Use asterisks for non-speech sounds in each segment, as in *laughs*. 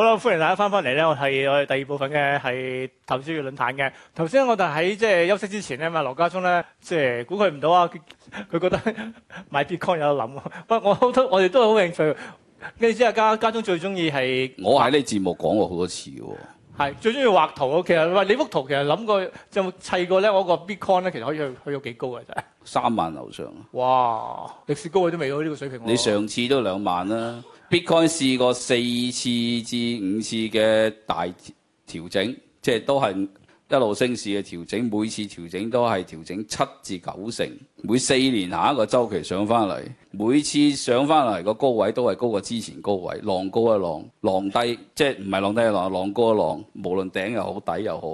好啦，歡迎大家翻返嚟咧。我係我哋第二部分嘅係投資月論壇嘅。頭先我哋喺即係休息之前咧嘛，羅家聰咧即係估佢唔到啊，佢覺得買 Bitcoin 有得諗。不過，我我都我哋都係好興趣。你知啊，家家聰最中意係我喺呢個節目講過好多次喎。係最中意畫圖啊。其實你幅圖其實諗過就砌過咧，我個 Bitcoin 咧其實可以去去到幾高嘅啫。三萬樓上。哇！歷史高位都未到呢個水平。你上次都兩萬啦。Bitcoin 試過四次至五次嘅大調整，即係都係一路升市嘅調整。每次調整都係調整七至九成，每四年下一個週期上返嚟，每次上返嚟個高位都係高過之前高位。浪高一浪，浪低，即係唔係浪低一浪，浪高一浪。無論頂又好，底又好，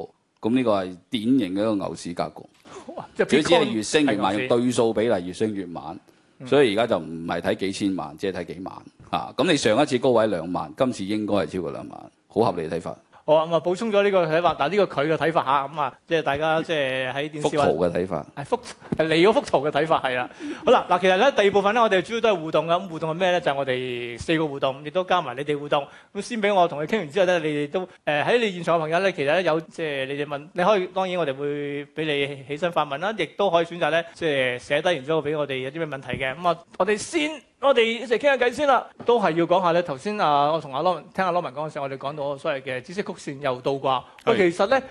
咁呢個係典型嘅一個牛市格局。佢即係越升越慢，係咪對數比例越升越慢。所以而家就唔係睇幾千萬，即係睇幾萬啊！咁你上一次高位兩萬，今次應該係超過兩萬，好合理嘅睇法。我咁啊，補充咗呢個睇法，但係呢個佢嘅睇法咁、嗯呃、啊，即係大家即係喺電視幅圖嘅睇法，幅係你幅圖嘅睇法係啦。 *laughs* 好啦，嗱，其實咧第二部分咧，我哋主要都係互動嘅，咁互動係咩咧？就係、是、我哋四個互動，亦都加埋你哋互動。咁先俾我同你傾完之後咧，你哋都誒喺、呃、你現場嘅朋友咧，其實咧有即係、呃、你哋問，你可以當然我哋會俾你起身發問啦，亦都可以選擇咧即係寫低完之後俾我哋有啲咩問題嘅。咁、嗯、啊，我哋先。我哋一齊傾下偈先啦，都係要講下咧。頭先啊，我同阿羅文聽阿羅文講嘅時候，我哋講到所謂嘅孳息曲線又倒掛。其實咧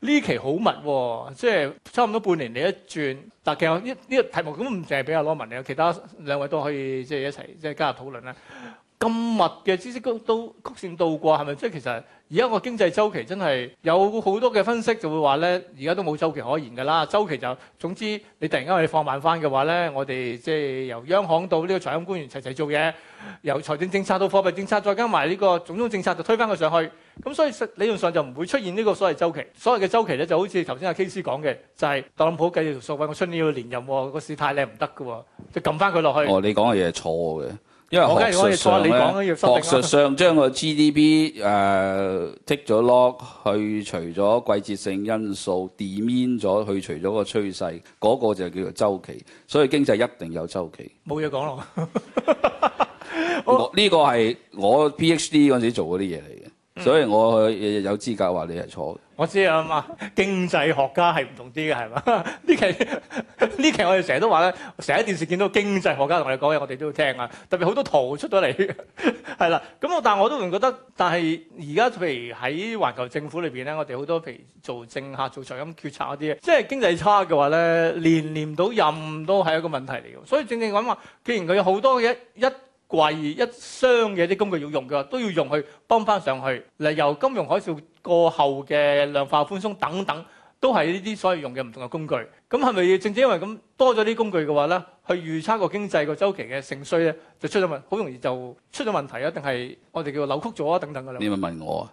呢期好密喎，即係差唔多半年嚟一轉。但其實呢呢個題目咁唔淨係俾阿羅文嘅，其他兩位都可以即係一齊即係加入討論啦。咁密嘅知識都曲線倒掛係咪？即係其實而家個經濟周期真係有好多嘅分析就會話咧，而家都冇週期可言㗎啦。週期就總之你突然間你放慢翻嘅話咧，我哋即係由央行到呢個財金官員齊齊做嘢，由財政政策到貨幣政策，再加埋呢個種種政策，就推翻佢上去。咁所以理論上就唔會出現呢個所謂週期。所謂嘅週期咧，就好似頭先阿 KC 講嘅，就係特朗普繼續做，我出年要連任喎，個市太靚唔得㗎喎，就撳翻佢落去。哦，你講嘅嘢係錯嘅。因為學術上咧，學術上，你講學術上將個 GDP 誒剔咗 lock，去除咗季節性因素，de-mean 咗，去除咗個趨勢，嗰、嗰個就叫做周期，所以經濟一定有周期。冇嘢講咯。呢個係我 PhD 嗰陣時做嗰啲嘢嚟嘅，所以我有資格話你係錯嘅。我知啊嘛，經濟學家係唔同啲嘅係嘛？呢期呢期我哋成日都話咧，成日喺電視見到經濟學家同我哋講嘢，我哋都要聽啊。特別好多圖出咗嚟，係啦。咁我但我都唔覺得，但係而家譬如喺環球政府裏面咧，我哋好多譬如做政客、做財金決策嗰啲嘢，即係經濟差嘅話咧，連連到任都係一個問題嚟嘅。所以正正講話，既然佢有好多嘅一一。一懷疑一箱嘅啲工具要用嘅，都要用去幫翻上去。例如由金融海嘯過後嘅量化寬鬆等等，都係呢啲所謂用嘅唔同嘅工具。咁係咪正正因為咁多咗啲工具嘅話咧，去預測個經濟個週期嘅盛衰咧，就出咗問題，好容易就出咗問題啊？定係我哋叫扭曲咗啊？等等嘅咧。你咪問我啊！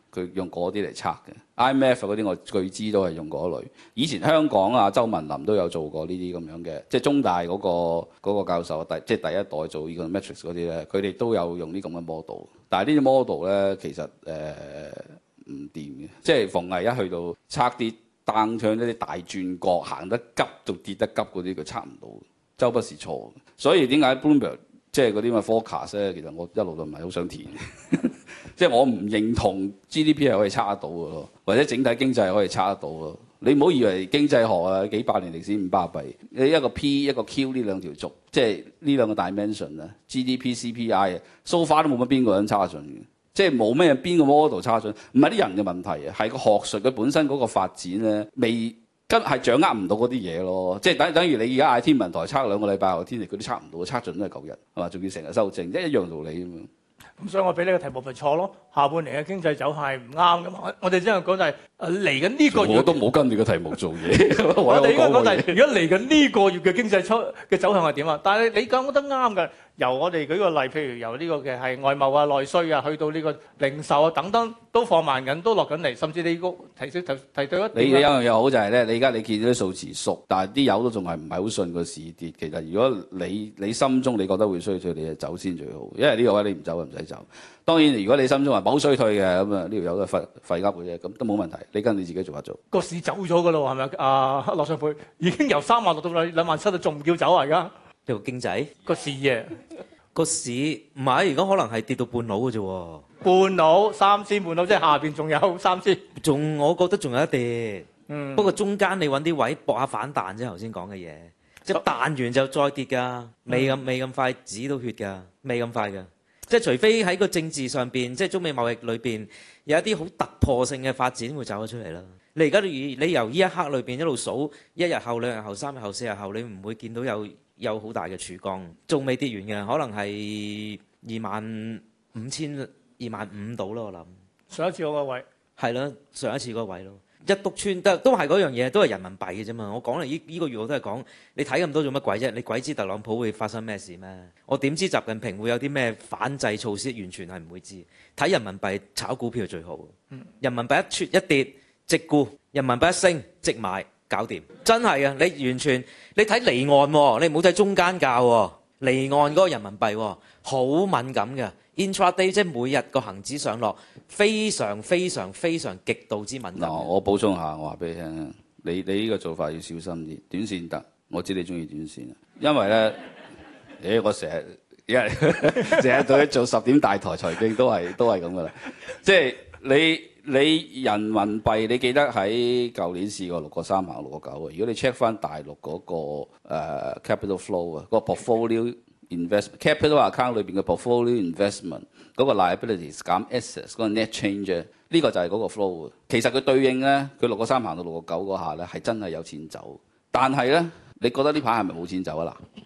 佢用嗰啲嚟測嘅，IMF 嗰啲我據知都係用嗰類。以前香港啊，周文林都有做過呢啲咁樣嘅，即係中大嗰個嗰個教授，第即係第一代做呢個 matrix 嗰啲咧，佢哋都有用啲咁嘅 model。但係呢啲 model 咧，其實誒唔掂嘅，即係逢毅一去到測啲單向一啲大轉角、行得急就跌得急嗰啲，佢測唔到，周不時錯。所以點解 Bloomberg？即係嗰啲乜 focus 咧，其實我一路都唔係好想填， *laughs* 即係我唔認同 GDP 係可以差得到嘅咯，或者整體經濟係可以差得到咯。你唔好以為經濟學啊幾百年歷史唔巴閉，你一個 P 一個 Q 呢兩條軸，即係呢兩個 dimension 啊，GDP、CPI、so far 都冇乜邊個人差進嘅，即係冇咩邊個 model 差進，唔係啲人嘅問題啊，係個學術佢本身嗰個發展咧未。真係掌握唔到嗰啲嘢咯，即係等等於你而家嗌天文台測兩個禮拜後天氣，佢都測唔到，測準都係九日，係嘛？仲要成日修正，一一樣道理啊嘛。咁所以我俾你個題目咪錯咯。下半年嘅經濟走勢唔啱咁嘛。我哋真係講就係嚟緊呢個月。我都冇跟你個題目做嘢， *laughs* 我哋應該講就係如果嚟緊呢個月嘅經濟出嘅走向係點啊？但係你講得啱㗎。由我哋舉個例，譬如由呢、呢個嘅係外貿啊、內需啊，去到呢個零售啊，等等都放慢緊，都落緊嚟，甚至你個提息提提，提到一，你有一樣嘢好就係、係、咧，你而家你見到啲數字熟，但係啲友都仲係唔係好信個市跌。其實如果你你心中你覺得會衰退，你就走先最好，因為呢個咧你唔走唔使走。當然如果你心中話冇衰退嘅咁啊，呢條友都廢廢咖嘅啫，咁都冇問題。你跟你自己做法做。個市走咗噶啦，係咪啊？阿羅尚沛已經由三萬六到兩兩萬七啦，仲唔叫走啊？而家？個經濟，個市啊，個市唔係而家可能係跌到半路嘅啫喎。半路，三千半路，即係下邊仲有三千。仲，我覺得仲有一跌。嗯。不過中間你揾啲位搏下反彈啫。頭先講嘅嘢，即係彈完就再跌㗎。未咁、嗯、未咁快止到血㗎，未咁快㗎。即係除非喺個政治上邊，即係中美貿易裏邊有一啲好突破性嘅發展會走咗出嚟啦。你而家都你由呢一刻裏邊一路數，一日後兩日後三日後四日後，你唔會見到有，有好大嘅曙光，仲未跌完嘅，可能係二萬五千、二萬五到咯，我諗。上一次嗰位係咯，上一次嗰位咯，一篤穿，得，都係嗰樣嘢，都係人民幣嘅啫嘛。我講嚟呢呢個月我都係講，你睇咁多做乜鬼啫？你鬼知特朗普會發生咩事咩？我點知習近平會有啲咩反制措施？完全係唔會知道。睇人民幣炒股票最好，嗯、人民幣一跌一跌即沽，人民幣一升即買。搞掂，真係啊！你完全你睇離岸，你唔好睇中間價。離岸嗰個人民幣好敏感嘅，intraday 即係每日個恆指上落非常非常非常極度之敏感。嗱，我補充下，我話俾你聽啊！你你呢個做法要小心啲，短線得，我知你鍾意短線啊，因為咧，誒，我成日因為成日對佢做十點大台財經都係都係咁噶啦，即係你。你人民幣，你記得喺舊年試過六個三行六個九啊！如果你 check 翻大陸嗰個、那個、uh, capital flow 啊，嗰個 portfolio invest capital account 裏邊嘅 portfolio investment 嗰個 liabilities 減 assets 嗰個 net change 呢個就係嗰個 flow 其實佢對應咧，佢六個三行到六個九嗰下咧，係真係有錢走。但係咧，你覺得呢排係咪冇錢走啊？嗱，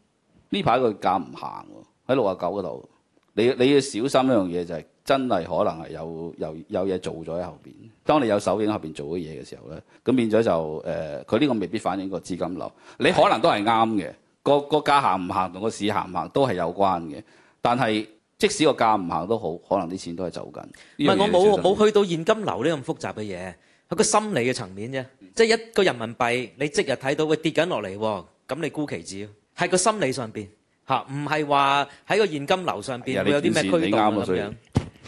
呢排佢價唔行喎，喺六啊九嗰度。你你要小心一樣嘢就係、是。真係可能係有有有嘢做咗喺後面。當你有手影後面做嘅嘢嘅時候咧，咁變咗就誒，佢、呃、呢個未必反映個資金流。你可能都係啱嘅個個價行唔行同個市行唔行都係有關嘅。但係即使個價唔行都好，可能啲錢都係走緊。唔係、這個、我冇冇去到現金流呢咁複雜嘅嘢，佢個心理嘅層面啫、嗯。即係一個人民幣，你即日睇到佢跌緊落嚟喎，咁你沽期指係個心理上面，吓唔係話喺個現金流上邊、哎、有啲咩驅動咁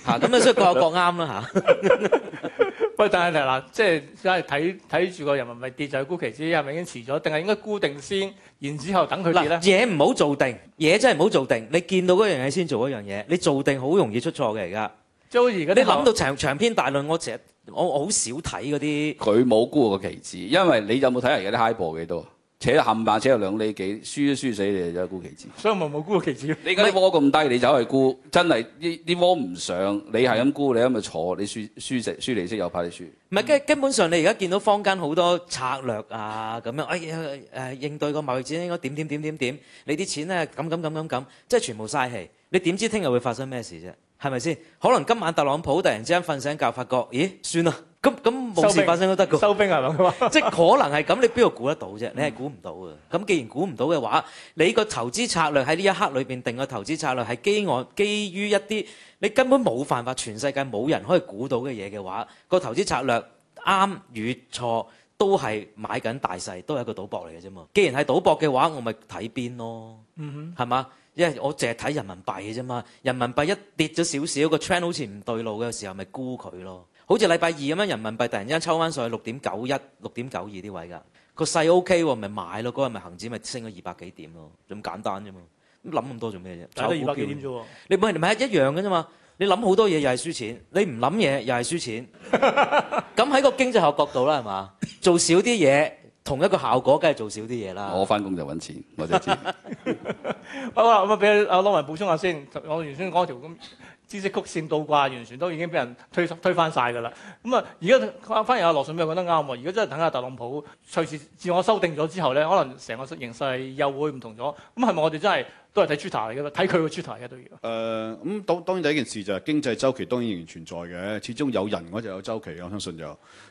啊咁啊，所以各有各啱啦嚇。喂，但係嗱，即係睇睇住個人民幣跌就沽期指，係咪已經遲咗？定係應該沽定先，然之後等佢跌咧？嘢唔好做定，嘢真係唔好做定。你見到嗰樣嘢先做嗰樣嘢。你做定好容易出錯嘅而家。即係而家啲諗到長長篇大論，我其實我我好少睇嗰啲。佢冇沽過個期指，因為你有冇睇人而家啲 high 波幾多？到冚唪唥，扯有兩釐幾，輸都輸死你，就係沽期指。所以唔冇沽期指。你而家啲窩咁低，你走去沽。真係啲啲窩唔上，你係咁沽。你咁咪坐？你輸輸息，輸利息又怕你輸。唔係根本上，你而家見到坊間好多策略啊，咁樣哎呀誒、啊，應對個貿易戰應該點點點點點。你啲錢咧咁咁咁咁咁，即係全部嘥氣。你點知聽日會發生咩事啫？係咪先？可能今晚特朗普突然之間瞓醒，醒覺，發覺咦，算啦。咁咁冇事發生都得㗎，收兵係咪？是是 *laughs* 即可能係咁，你邊度估得到啫？你係估唔到嘅。咁、嗯、既然估唔到嘅話，你，投投你話、那個投資策略喺呢一刻裏面定個投資策略，係基外基於一啲你根本冇辦法，全世界冇人可以估到嘅嘢嘅話，個投資策略啱與錯都係買緊大勢，都係一個賭博嚟嘅啫嘛。既然係賭博嘅話，我咪睇邊咯，係、嗯、嘛？因為我淨係睇人民幣嘅啫嘛。人民幣一跌咗少少，個 trend 好似唔對路嘅時候，咪估佢咯。好似禮拜二咁樣，人民幣突然之間抽翻上去六點九一、六點九二啲位㗎，個勢 O K 喎，咪買咯。嗰日咪恒指咪升咗二百幾點咯，咁簡單啫嘛。咁諗咁多做咩啫？炒股票，就係、你咪咪一樣嘅啫嘛。你諗好多嘢又係輸錢，你唔諗嘢又係輸錢。咁 *laughs* 喺個經濟學角度啦，係嘛？做少啲嘢，同一個效果，梗係做少啲嘢啦。 *laughs* 我翻工就揾錢，我就知 *laughs* *laughs* *laughs* 我。我話我俾阿羅文補充下先，我原先講條咁。孳息曲線倒掛完全都已經被人推推翻晒㗎喇。咁啊，而家反而阿羅尚沛覺得啱喎。而家真係等下特朗普隨時自我修訂咗之後呢，可能成個形勢又會唔同咗。咁係咪我哋真係？都係睇出台嚟噶嘛，睇佢個出台嘅都要。誒、呃、咁，當、嗯、當然第一件事就係、是、經濟周期，當然仍然存在嘅。始終有人嗰就有周期，我相信就，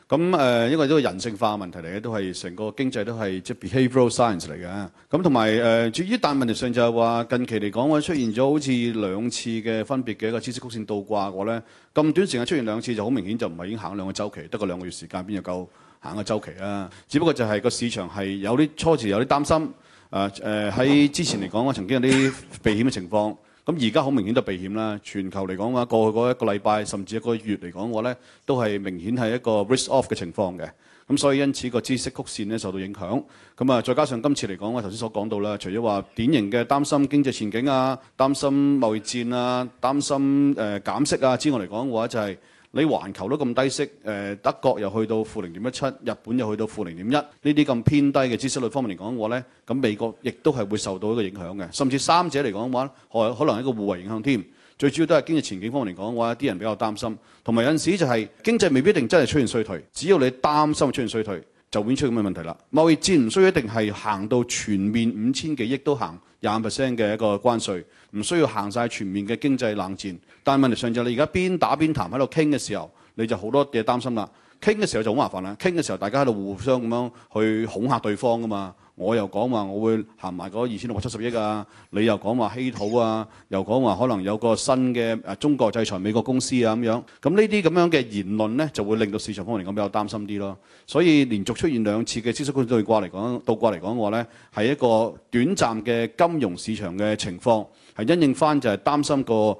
咁誒、呃，因為都係人性化問題嚟嘅，都係成個經濟都係即係 behavioral science 嚟嘅。咁同埋誒，至於但問題上就係、是、話，近期嚟講，我出現咗好似兩次嘅分別嘅一個孳息曲線倒掛嘅話咧，咁短時間出現兩次就好明顯，就唔係已經行咗兩個週期，得個兩個月時間邊又夠行個周期啊？只不過就係個市場係有啲初時有啲擔心。誒誒喺之前嚟講，我曾經有啲避險嘅情況。咁而家好明顯就避險啦。全球嚟講嘅話，過去嗰一個禮拜，甚至一個月嚟講，我咧都係明顯係一個 risk off 嘅情況嘅。咁所以因此個孳息曲線咧受到影響。咁啊，再加上今次嚟講，我頭先所講到啦，除咗話典型嘅擔心經濟前景啊、擔心貿易戰啊、擔心誒減息啊之外嚟講嘅話，就係、是。你環球都咁低息，誒德國又去到負零點一七，日本又去到負零點一，呢啲咁偏低嘅孳息率方面嚟講嘅話呢，咁美國亦都係會受到一個影響嘅，甚至三者嚟講嘅話，可可能係一個互為影響添。最主要都係經濟前景方面嚟講嘅話，啲人比較擔心，同埋有陣時就係經濟未必定真係出現衰退，只要你擔心出現衰退。就會出咁嘅問題啦。貿易戰唔需要一定係行到全面五千幾億都行廿五 percent 嘅一個關稅，唔需要行晒全面嘅經濟冷戰。但係問題上就你而家邊打邊談，喺度傾嘅時候，你就好多嘢擔心啦。傾嘅時候就好麻煩啦。傾嘅時候，大家喺度互相咁樣去恐嚇對方㗎嘛。我又講話，我會行埋嗰二千六百七十億啊！你又講話稀土啊，又講話可能有個新嘅中國制裁美國公司啊咁樣。咁呢啲咁樣嘅言論呢，就會令到市場方面嚟講比較擔心啲咯。所以連續出現兩次嘅資產管制掛嚟講，倒過嚟講嘅話呢，係一個短暫嘅金融市場嘅情況，係因應翻就係擔心個誒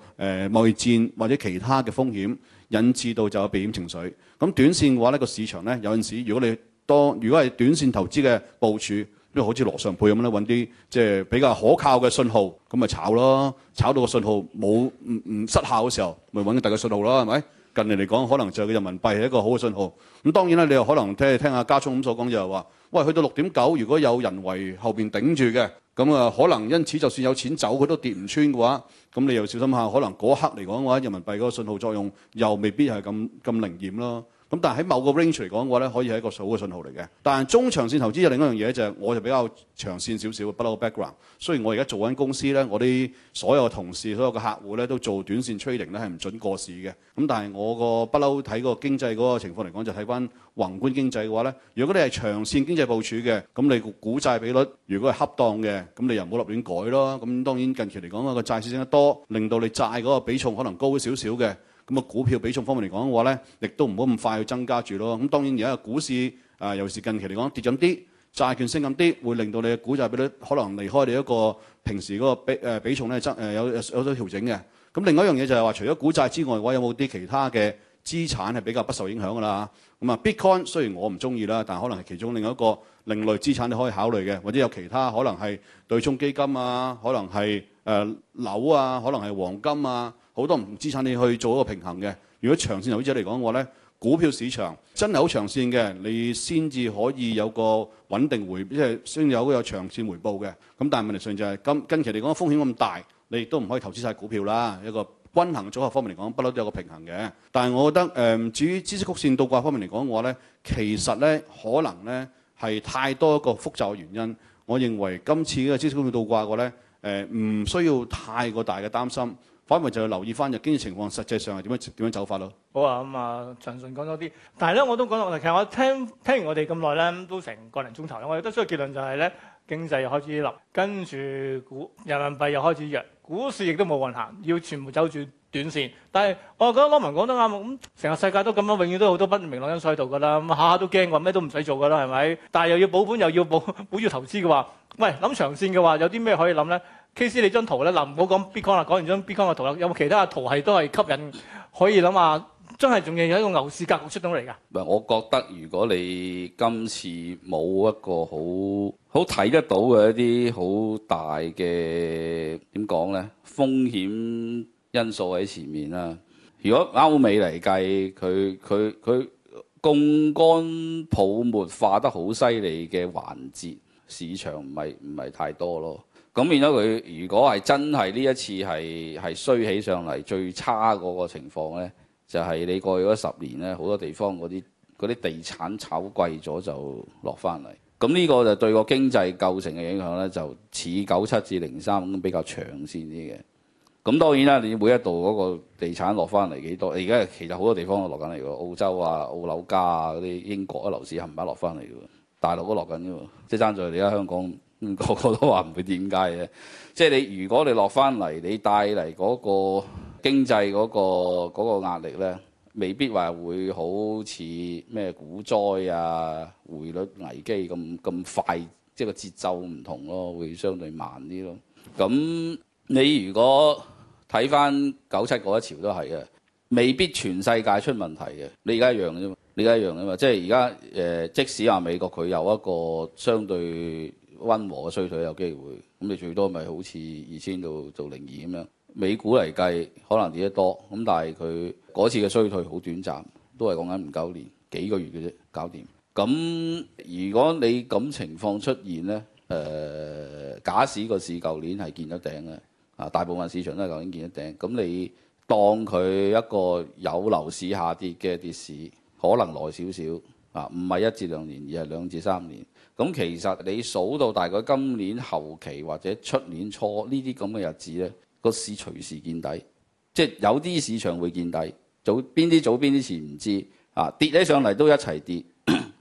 貿易戰或者其他嘅風險，引致到就有避險情緒。咁短線嘅話呢個市場呢，有陣時，如果你當如果係短線投資嘅部署，即好似羅尚沛咁咧，揾啲即係比較可靠嘅信號，咁咪炒咯。炒到個信號冇唔唔失效嘅時候，咪揾第二個信號咯，係咪？近年嚟講，可能就係個人民幣係一個好嘅信號。咁當然啦，你又可能聽聽阿家聰咁所講，就係話：喂，去到六點九，如果有人為後邊頂住嘅，咁啊，可能因此就算有錢走，佢都跌唔穿嘅話，咁你又小心下。可能嗰刻嚟講嘅話，人民幣嗰個信號作用又未必係咁咁靈驗咯。咁但係喺某個 range 嚟講嘅話咧，可以係一個好嘅信號嚟嘅。但係中長線投資又另一樣嘢就係、是，我就比較長線少少。不嬲 background，雖然我而家做緊公司呢，我啲所有同事、所有嘅客戶呢，都做短線 trading 咧，係唔準過市嘅。咁但係我個不嬲睇個經濟嗰個情況嚟講，就睇返宏觀經濟嘅話呢。如果你係長線經濟部署嘅，咁你股債比率如果係恰當嘅，咁你又唔好立亂改咯。咁當然近期嚟講，個債市升得多，令到你債嗰個比重可能高少少嘅。咁啊，股票比重方面嚟講嘅話咧，亦都唔好咁快去增加住咯。咁當然而家股市啊，尤其是近期嚟講跌咁啲，債券升咁啲，會令到你嘅股債比率可能離開你一個平時嗰個比誒比重咧，有有有所調整嘅。咁另外一樣嘢就係話，除咗股債之外嘅話，有冇啲其他嘅資產係比較不受影響㗎啦？咁啊，Bitcoin 雖然我唔中意啦，但可能係其中另一個另類資產你可以考慮嘅，或者有其他可能係對沖基金啊，可能係誒樓啊，可能係黃金啊。好多唔同資產，你去做一個平衡嘅。如果長線投資者嚟講嘅話呢，股票市場真係好長線嘅，你先至可以有個穩定回，即係先有個長線回報嘅。咁但係問題上就係、是、今近期嚟講風險咁大，你亦都唔可以投資晒股票啦。一個均衡組合方面嚟講，不嬲都有個平衡嘅。但係我覺得誒、呃，至於孳息曲線倒掛方面嚟講嘅話呢，其實呢可能呢係太多一個複雜嘅原因。我認為今次呢個孳息曲線倒掛嘅話呢誒，唔、呃、需要太過大嘅擔心。反為就要留意翻就經濟情況，實際上係點樣點樣走法咯？好啊，咁、嗯、啊，長線講多啲。但係咧，我都講到，其實我聽聽完我哋咁耐咧，都成個零鐘頭我有得出個結論就係、是、咧，經濟又開始落，跟住股人民幣又開始弱，股市亦都冇運行，要全部走住短線。但係我覺覺得羅文講得啱，咁、嗯、成個世界都咁樣，永遠都好多不明朗因素喺度㗎啦。咁下下都驚㗎，咩都唔使做㗎啦，係咪？但係又要保本，又要保保住投資嘅話，喂，諗長線嘅話，有啲咩可以諗咧？KC，你張圖咧嗱，唔好講 Bitcoin 啦，講完張 Bitcoin 嘅圖啦，有冇其他嘅圖係都係吸引，可以諗下，真係仲要有一個牛市格局出到嚟㗎？唔係，我覺得如果你今次冇一個好好睇得到嘅一啲好大嘅點講咧風險因素喺前面啦。如果歐美嚟計，佢佢佢槓桿泡沫化得好犀利嘅環節，市場唔係唔係太多咯。咁變咗佢，如果係真係呢一次係係衰起上嚟最差嗰個情況呢，就係、是、你過去嗰十年呢，好多地方嗰啲啲地產炒貴咗就落翻嚟。咁呢個就對個經濟構成嘅影響呢，就似九七至零三咁比較長線啲嘅。咁當然啦，你每一度嗰個地產落翻嚟幾多？而家其實好多地方都落緊嚟喎，澳洲啊、澳紐加啊嗰啲英國啊樓市冚唪唥落翻嚟嘅，大陸都落緊嘅，即係爭在你而家香港。個個都話唔會點解嘅，即係你如果你落翻嚟，你帶嚟嗰個經濟嗰個嗰個壓力咧，未必話會好似咩股災啊、匯率危機咁咁快，即係個節奏唔同咯，會相對慢啲咯。咁你如果睇翻九七嗰一潮都係嘅，未必全世界出問題嘅。你而家一樣啫嘛，你而家一樣啫嘛，即係而家誒，即使話美國佢有一個相對。溫和嘅衰退有機會，咁你最多咪好似二千到做零二咁樣。美股嚟計可能跌得多，咁但係佢嗰次嘅衰退好短暫，都係講緊唔夠年幾個月嘅啫，搞掂。咁如果你咁情況出現呢，誒、呃，假使個市舊年係見得頂嘅，啊，大部分市場都係舊年見咗頂，咁你當佢一個有樓市下跌嘅跌市，可能耐少少。啊，唔係一至兩年，而係兩至三年。咁其實你數到大概今年後期或者出年初呢啲咁嘅日子，呢個市隨時見底，即係有啲市場會見底。邊啲早，邊啲早，邊啲遲唔知啊，跌起上嚟都一齊跌。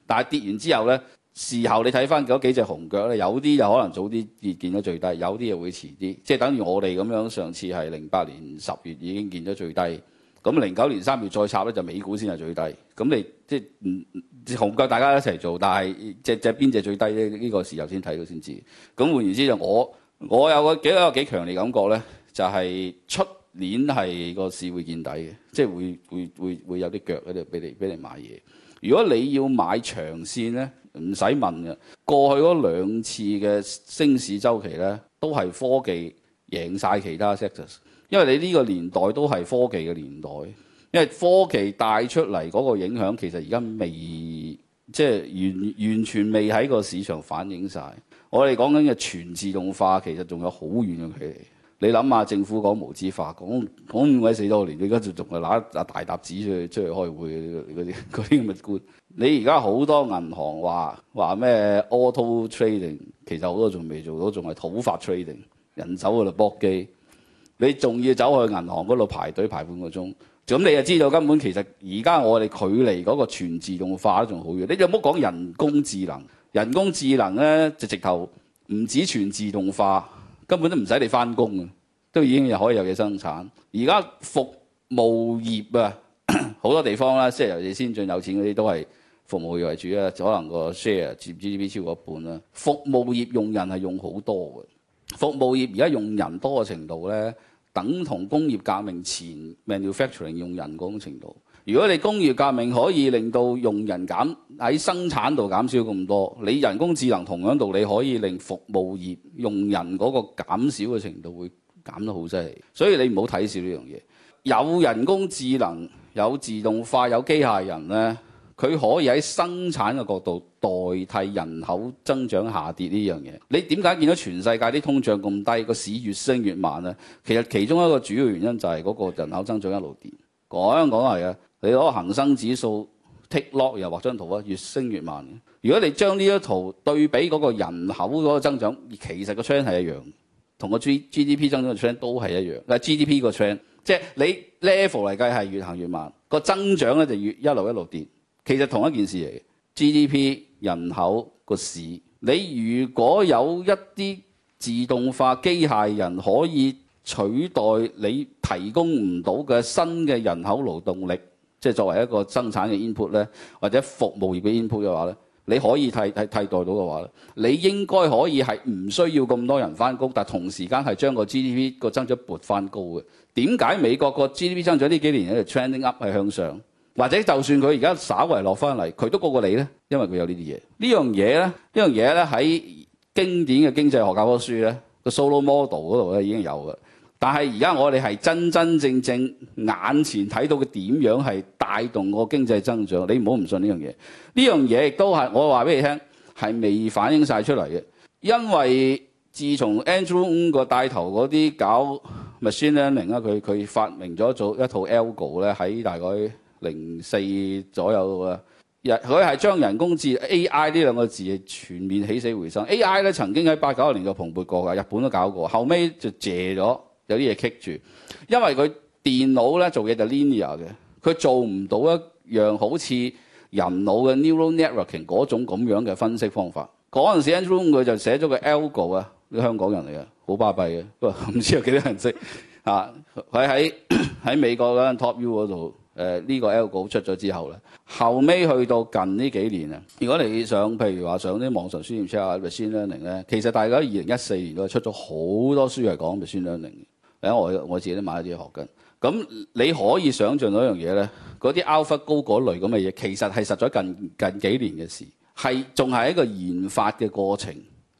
但係跌完之後呢，事後你睇翻嗰幾隻紅腳咧，有啲又可能早啲見見咗最低，有啲又會遲啲。即係等於我哋咁樣，上次係零八年十月已經見咗最低。咁零九年三月再插咧，就美股先係最低。咁你即係唔紅夠，就是嗯、大家一齊做，但係隻隻邊隻最低咧？呢、這個時候先睇到先知。咁換言之就我我有個幾有幾強烈感覺咧，就係、是、出年係個市會見底嘅，即、就、係、是、會會會，會有啲腳喺度俾你俾你買嘢。如果你要買長線咧，唔使問嘅，過去嗰兩次嘅升市周期咧，都係科技贏晒其他 sectors。因為你呢個年代都係科技嘅年代，因為科技帶出嚟嗰個影響，其實而家未即係完完全未喺個市場反映晒。我哋講緊嘅全自動化，其實仲有好遠嘅距離。你諗下，政府講無紙化，講講咁鬼死多年，而家仲仲係拿啊大沓紙出去出嚟開會啲啲咁嘅官。你而家好多銀行話話咩 auto trading，其實好多仲未做到，仲係土法 trading，人手喺度搏機。你仲要走去銀行嗰度排隊排，排半個鐘，咁你就知道根本其實而家我哋距離嗰個全自動化都仲好遠。你就唔好講人工智能，人工智能咧就直頭唔止全自動化，根本都唔使你翻工啊，都已經有可以有嘢生產。而家服務業啊，好多地方啦，即係尤其先進有錢嗰啲都係服務業為主啊，可能個 share 佔 GDP 超過一半啦。服務業用人係用好多嘅。服務業而家用人多嘅程度咧，等同工業革命前 manufacturing 用人嗰種程度。如果你工業革命可以令到用人減喺生產度減少咁多，你人工智能同樣道理可以令服務業用人嗰個減少嘅程度會減得好犀利。所以你唔好睇少呢樣嘢，有人工智能、有自動化、有機械人咧。佢可以喺生產嘅角度代替人口增長下跌呢樣嘢。你點解見到全世界啲通脹咁低，個市越升越慢呢？其實其中一個主要原因就係嗰個人口增長一路跌。講樣講係啊，你攞恒生指數 take log 又畫張圖啊，越升越慢。如果你將呢一圖對比嗰個人口嗰個增長，其實個 trend 係一樣，同個 G G D P 增長嘅 trend 都係一樣。但 G D P 個 trend 即係你 level 嚟計係越行越慢，個增長咧就越一路一路跌。其實同一件事嚟嘅，GDP 人口個市，你如果有一啲自動化機械人可以取代你提供唔到嘅新嘅人口勞動力，即係作為一個生產嘅 input 咧，或者服務業嘅 input 嘅話咧，你可以替替代到嘅話咧，你應該可以係唔需要咁多人翻工，但同時間係將個 GDP 個增長撥翻高嘅。點解美國個 GDP 增長呢幾年喺度 training up 係向上？或者就算佢而家稍為落翻嚟，佢都過過你咧，因為佢有呢啲嘢。呢樣嘢咧，呢樣嘢咧喺經典嘅經濟學教科書咧，個 Solow model 嗰度咧已經有嘅。但係而家我哋係真真正正眼前睇到嘅點樣係帶動個經濟增長？你唔好唔信呢樣嘢。呢樣嘢亦都係我話俾你聽，係未反映曬出嚟嘅，因為自從 Andrew 個帶頭嗰啲搞 machine learning 啦，佢佢發明咗做一套 algo 咧喺大概零四左右啊！人佢係將人工智 AI 呢兩個字全面起死回生。AI 咧曾經喺八九十年代蓬勃過㗎，日本都搞過，後尾就借咗，有啲嘢棘住。因為佢電腦咧做嘢就 linear 嘅，佢做唔到一樣好似人腦嘅 neural networking 嗰種咁樣嘅分析方法。嗰陣時 Andrew 佢就寫咗個 algo 啊，啲香港人嚟嘅，好巴閉嘅，唔知有幾多人識啊？佢喺喺美國嗰間 Top U 嗰度。誒、這、呢個 Algo 出咗之後咧，後尾去到近呢幾年啊！如果你想譬如話上啲網上書店 check 下 Machine Learning 咧，其實大家二零一四年都出咗好多書係講 Machine Learning 嘅。我我自己都買咗啲嘢學緊。咁你可以想像到一樣嘢咧，嗰啲 AlphaGo 嗰類咁嘅嘢，其實係實在近近幾年嘅事，係仲係一個研發嘅過程。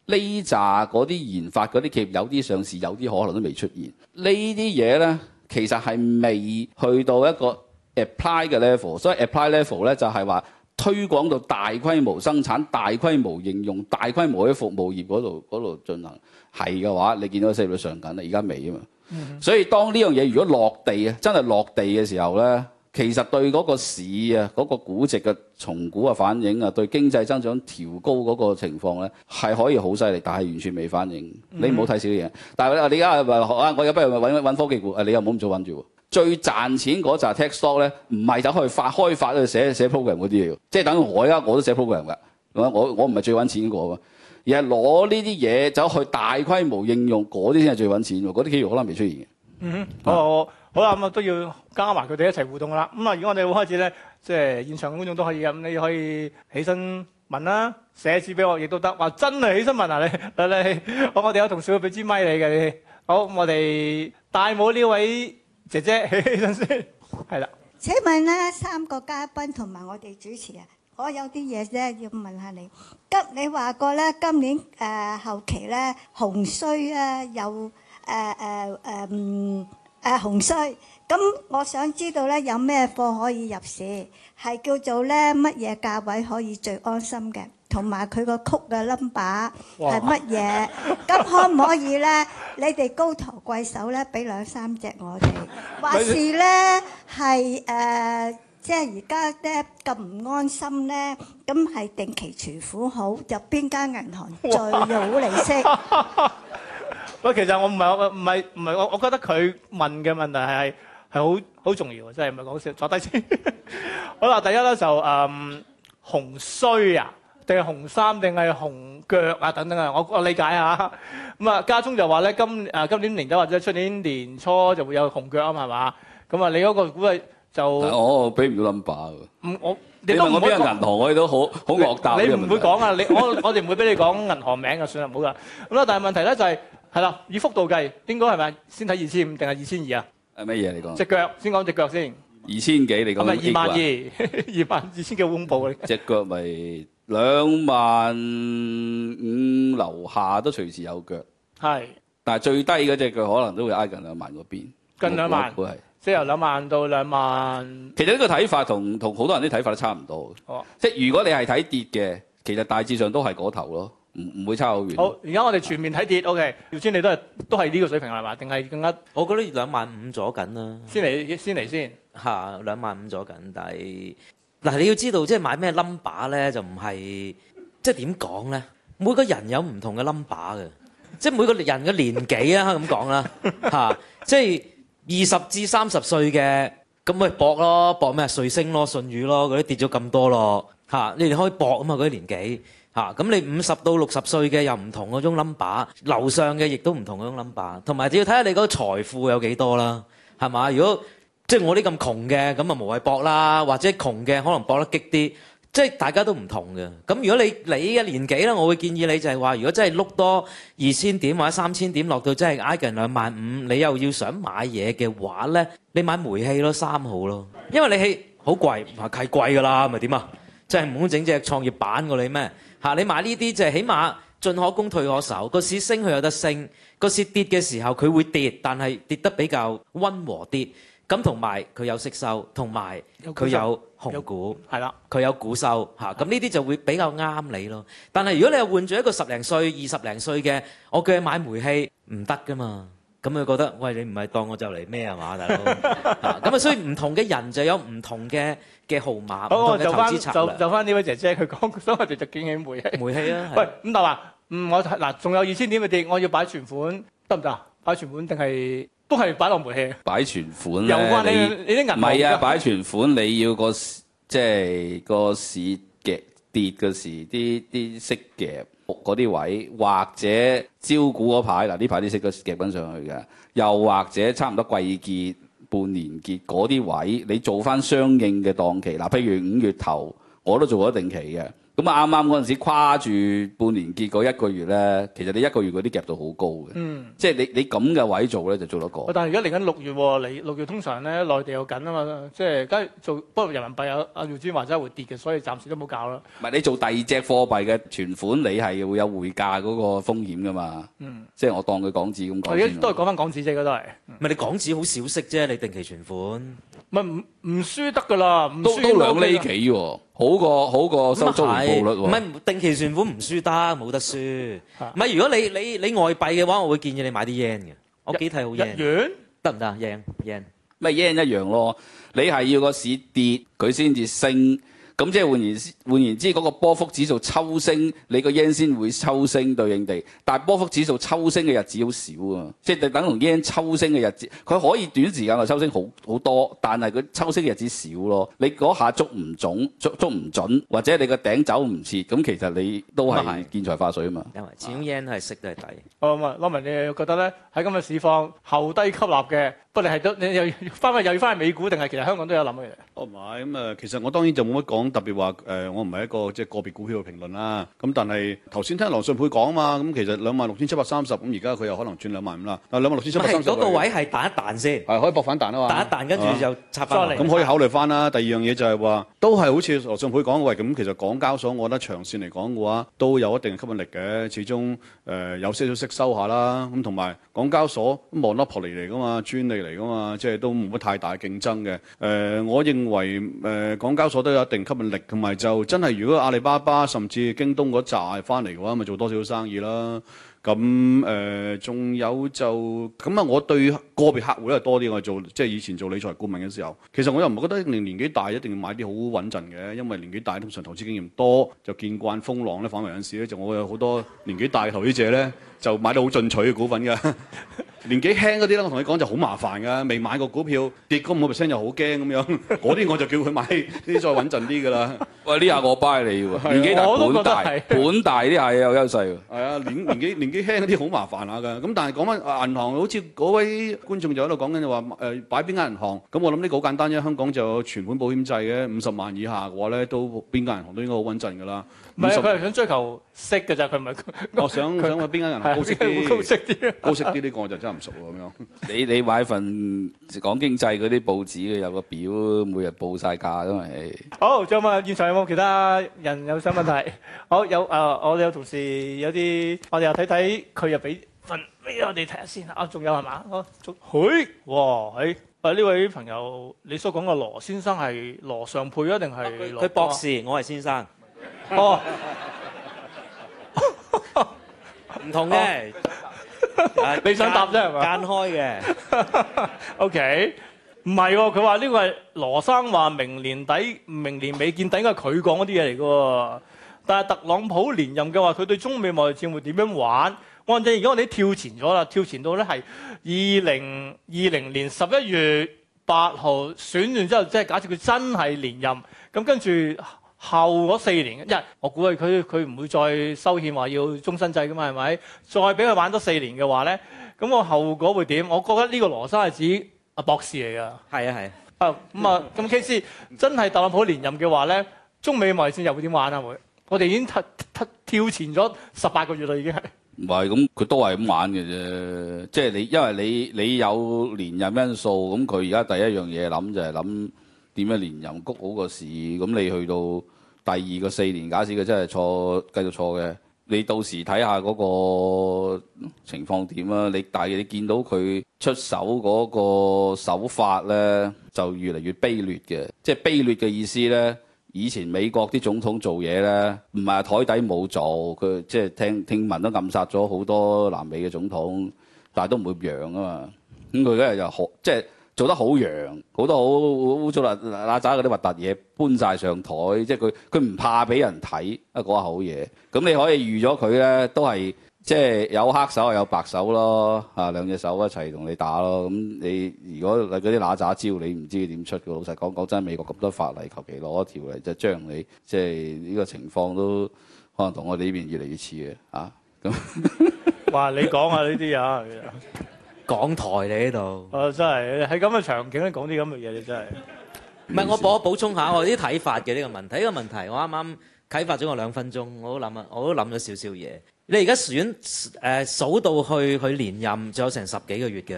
呢扎嗰啲研發嗰啲企業有啲上市，有啲可能都未出現。呢啲嘢咧，其實係未去到一個。apply 嘅 level，所以 apply level 咧就係話推廣到大規模生產、大規模應用、大規模喺服務業嗰度嗰度進行。係嘅話，你見到四率上緊啦，而家未啊嘛。Mm-hmm. 所以當呢樣嘢如果落地啊，真係落地嘅時候咧，其實對嗰個市啊、嗰、嗰個估值股值嘅重估啊、反應啊，對經濟增長調高嗰個情況咧，係可以好犀利，但係完全未反應。你唔好睇少啲嘢。但係你而家啊，我有不如揾科技股。你又唔好唔早揾住。最賺錢嗰集 tech stock 咧，唔係走去發開發去寫寫 program 嗰啲嘢，即係等我而家我都寫 program 㗎。我我唔係最揾錢嗰個，而係攞呢啲嘢走去大規模應用，嗰啲先係最揾錢。嗰啲企業可能未出現。嗯哼，哦，好啦，咁啊都要加埋佢哋一齊互動啦。咁、嗯、啊，如果我哋開始咧，即係現場嘅觀眾都可以咁，你可以起身問啦，寫字俾我亦都得。話真係起身問啊，你，你我我哋有同事會俾支咪你嘅。好，我哋大武呢位。姐姐起起身先，係啦。請問咧，三個嘉賓同埋我哋主持啊，我有啲嘢咧要問下你。即你話過咧，今年誒後期咧紅衰咧有誒誒誒誒紅衰。咁我想知道咧，有咩貨可以入市？係叫做咧乜嘢價位可以最安心嘅？同埋佢個曲嘅 number 係乜嘢？咁可唔可以咧？你哋高抬貴手咧，俾兩三隻我哋，還是咧係誒？即係而家咧咁唔安心咧，咁係定期存款好，入邊間銀行最有利息？喂，其實我唔係我唔係唔係我，我覺得佢問嘅問題係係係好好重要嘅，真係唔係講笑，坐低先。好啦，第一咧就誒紅衰啊！定係紅衫定係紅腳啊！等等啊，我我理解啊。咁啊，家聰就話咧，今誒今年年底或者出年年初就會有紅腳啊嘛，係嘛？咁啊，你嗰個估計就我俾唔到 number 嘅。唔，我你問我邊間銀行，我哋都好好惡答。你唔會講啊？你我我哋唔會俾你講銀行名嘅，算啦，唔好啦。咁啦，但係問題咧就係係啦，以幅度計，應該係咪先睇二千五定係二千二啊？係乜嘢？你講隻腳先，講隻腳先。二千幾？你講唔係二萬二，二萬二千幾好恐怖啊！隻腳咪～兩萬五樓下都隨時有腳，係，但係最低嗰隻腳可能都會挨近兩萬嗰邊，近兩萬，佢係，即由兩萬到兩萬。其實呢個睇法同同好多人啲睇法都差唔多嘅，哦，即係如果你係睇跌嘅，其實大致上都係嗰頭咯，唔唔會差好遠。好，而家我哋全面睇跌，OK？羅生，你都係都係呢個水平係嘛？定係更加？我覺得兩萬五左緊啦。先嚟先嚟先吓，兩萬五左緊，但係。嗱，你要知道，即係買咩 number 咧，就唔係即係點講咧？每個人有唔同嘅 number 嘅，即係每個人嘅年紀啊，咁講啦，吓，即係二十至三十歲嘅，咁咪搏咯，搏咩？瑞星咯，信宇咯，嗰啲跌咗咁多咯，吓，你哋可以搏啊嘛，嗰啲年紀吓，咁你五十到六十歲嘅又唔同嗰種 number，樓上嘅亦都唔同嗰種 number，同埋仲要睇下你嗰個財富有幾多啦，係嘛？如果即係我啲咁窮嘅咁啊，就無謂搏啦，或者窮嘅可能搏得激啲。即係大家都唔同嘅。咁如果你你嘅年紀咧，我會建議你就係話，如果真係碌多二千點或者三千點落到真係挨近兩萬五，你又要想買嘢嘅話咧，你買煤氣咯，三號咯，因為你氣好貴，話契貴噶啦，咪點啊？即係唔好整隻創業板過你咩？嚇、啊、你買呢啲就係、是、起碼進可攻退可守，個市升佢有得升，個市跌嘅時候佢會跌，但係跌得比較溫和啲。咁同埋佢有息收，同埋佢有紅股，係啦，佢有股收。咁呢啲就會比較啱你咯。但係如果你換咗一個十零歲、二十零歲嘅，我叫佢買煤氣唔得㗎嘛。咁佢覺得喂，你唔係當我就嚟咩呀嘛，大佬。咁 *laughs* 啊，所以唔同嘅人就有唔同嘅嘅號碼。 *laughs* 我就翻就翻呢位姐姐佢講，所以我哋就驚起煤氣。煤氣、啊、喂，咁大話，嗯，我嗱仲有二千點嘅跌，我要擺存款得唔得？擺存款定係？都係擺落煤氣，擺存款有啊，你你啲銀碼。唔係啊，擺存款你要個即係、就是、個市嘅跌嘅時，啲啲息夾嗰啲位，或者招股嗰排嗱呢排啲息都夾緊上去嘅，又或者差唔多季結、半年結嗰啲位，你做翻相應嘅檔期嗱，譬如五月頭我都做咗定期嘅。咁啊，啱啱嗰陣時跨住半年，結果一個月咧，其實你一個月嗰啲夾到好高嘅，嗯，即係你你咁嘅位做咧就做得過。但係而家嚟緊六月喎，你六月通常咧內地有緊啊嘛，即係梗係做不過人民幣有阿耀珠話真係會跌嘅，所以暫時都冇搞啦。唔係你做第二隻貨幣嘅存款，你係會有匯價嗰個風險噶嘛？嗯，即係我當佢港紙咁講而家都係講翻港紙啫，都係。唔、嗯、係你港紙好少息啫，你定期存款。唔係，唔唔輸得噶啦，唔都，都兩厘幾喎，好過好過收租。唔係定期存款唔輸得，冇得輸。唔係、啊、如果你你你外幣嘅話，我會建議你買啲 yen 嘅，我幾睇好 yen。一元得唔得啊？yen yen 咪 yen 一樣咯，你係要個市跌佢先至升。咁即係換言之，換言之，嗰個波幅指數抽升，你個 yen 先會抽升，對應地，但係波幅指數抽升嘅日子好少啊！即係等同 yen 抽升嘅日子，佢可以短時間就抽升好好多，但係佢抽升嘅日子少咯。你嗰下捉唔準，捉捉唔準，或者你個頂走唔切，咁其實你都係見財化水啊嘛。因為始終 yen 都係息都係底。我問你，文，你覺得咧喺今日市況後低吸納嘅，不過係都你又翻去又要翻去美股，定係其實香港都有諗嘅哦，唔係，咁、嗯、啊，其實我當然就冇乜講特別話，誒、呃，我唔係一個即係、就是、個別股票嘅評論啦。咁、嗯、但係頭先聽羅信佩講啊嘛，咁、嗯、其實兩萬六千七百三十，咁而家佢又可能轉兩萬五啦。啊，兩萬六千七百三十。唔、那、嗰個位係彈一彈先。係可以搏反彈啊嘛。彈一彈跟住就插翻嚟。咁、嗯嗯、可以考慮翻啦。第二樣嘢就係話，都係好似羅信佩講嘅，喂，咁其實港交所我覺得長線嚟講嘅話，都有一定吸引力嘅。始終誒、呃、有些少息收下啦。咁同埋港交所望 a p 嚟嚟㗎嘛，專利嚟㗎嘛，即係都冇乜太大的競爭嘅。誒、呃，我認。因為誒、呃、港交所都有一定吸引力，同埋就真係如果阿里巴巴甚至京東嗰扎翻嚟嘅話，咪做多少生意啦。咁誒，仲有就咁啊，我對個別客戶咧多啲。我做即係、就是、以前做理財顧問嘅時候，其實我又唔覺得年年紀大一定要買啲好穩陣嘅，因為年紀大通常投資經驗多，就見慣風浪咧。反為有陣時咧，就我有好多年紀大投資者咧。就買得好進取嘅股份㗎， *laughs* 年紀輕嗰啲咧，我同你講就好麻煩㗎，未買過股票跌個五個 percent 就好驚咁樣，嗰 *laughs* 啲我就叫佢買啲再穩陣啲㗎啦。喂、 *laughs* 哎，呢下我班嚟㗎喎，年紀大本大，我也本大啲係有優勢㗎。係啊，年年紀年紀輕嗰啲好麻煩下㗎，咁 *laughs* 但係講翻銀行，好似嗰位觀眾就喺度講緊就話誒擺邊間銀行，咁我諗呢個好簡單啫，因為香港就有存款保險制嘅，五十萬以下嘅話咧，都邊間銀行都應該好穩陣㗎啦。唔係，佢係想追求息嘅咋，佢唔係。我、 *laughs* 哦、想想話邊間銀行高息啲，高息啲呢個就真係唔熟咁樣。你你買份講經濟嗰啲報紙嘅有個表，每日報晒價因為。好、哦，再問現場有冇其他人有想問題？ *laughs* 好，有啊、哦，我哋有同事有啲，我哋又睇睇佢又俾份俾我哋睇下先啊。仲有係嘛？哦，仲佢、哦哎、哇，許啊呢位朋友，你所講個羅先生係羅尚沛啊，定係？佢博士，我係先生。哦 *laughs* *laughs* *laughs* 同的，唔同嘅，你想答啫係嘛？間 *laughs* 開嘅 *laughs* ，OK，唔係喎。佢話呢個係羅生話明年底、明年未見底，應該佢講嗰啲嘢嚟噶。但係特朗普連任嘅話，佢對中美貿易戰會點樣玩？按照而家我哋跳前咗啦，跳前到咧係二零二零年十一月八號選完之後，即係假設佢真係連任，咁跟住。後嗰四年，一我估係佢佢唔會再修憲話要終身制噶嘛，係咪？再俾佢玩多四年嘅話咧，咁個後果會點？我覺得呢個羅生係指阿博士嚟㗎。係啊係啊，咁啊咁 case 真係特朗普連任嘅話咧，中美嘅邏線又會點玩啊？會，我哋已經突突跳前咗十八個月啦，已經係。唔係咁，佢都係咁玩嘅啫。即係你，因為你你有連任因素，咁佢而家第一樣嘢諗就係諗。點樣連任谷好個事？咁你去到第二個四年，假使佢真係錯，繼續錯嘅，你到時睇下嗰個情況點啦。你但係你見到佢出手嗰個手法呢，就越嚟越卑劣嘅。即係卑劣嘅意思呢，以前美國啲總統做嘢呢，唔係台底冇做，佢即係聽聽聞都暗殺咗好多南美嘅總統，但係都唔會讓啊嘛。咁佢今日就學、是、即係。做得好洋，好多好污糟嗱喳嗰啲核突嘢搬晒上台，即係佢佢唔怕俾人睇，嗰下好嘢。咁你可以預咗佢咧，都係即係有黑手有白手咯，兩隻手一齊同你打咯。咁你如果嗰啲嗱喳招，你唔知佢點出嘅。老實講講真，美國咁多法例，求其攞一條嚟就將你，即係呢個情況都可能同我哋呢邊越嚟越似嘅啊。咁，哇！你講下呢啲啊～港台，你呢度？我，哦、真係喺咁嘅場景咧，講啲咁嘅嘢，你真係唔係？我，我補補充下我啲睇法嘅呢，呢個問題。呢，呢個問題我啱啱啟發咗我兩分鐘，我都諗啊，我都諗咗少少嘢。你而家選誒，呃、數到去佢連任，仲有成十幾個月嘅。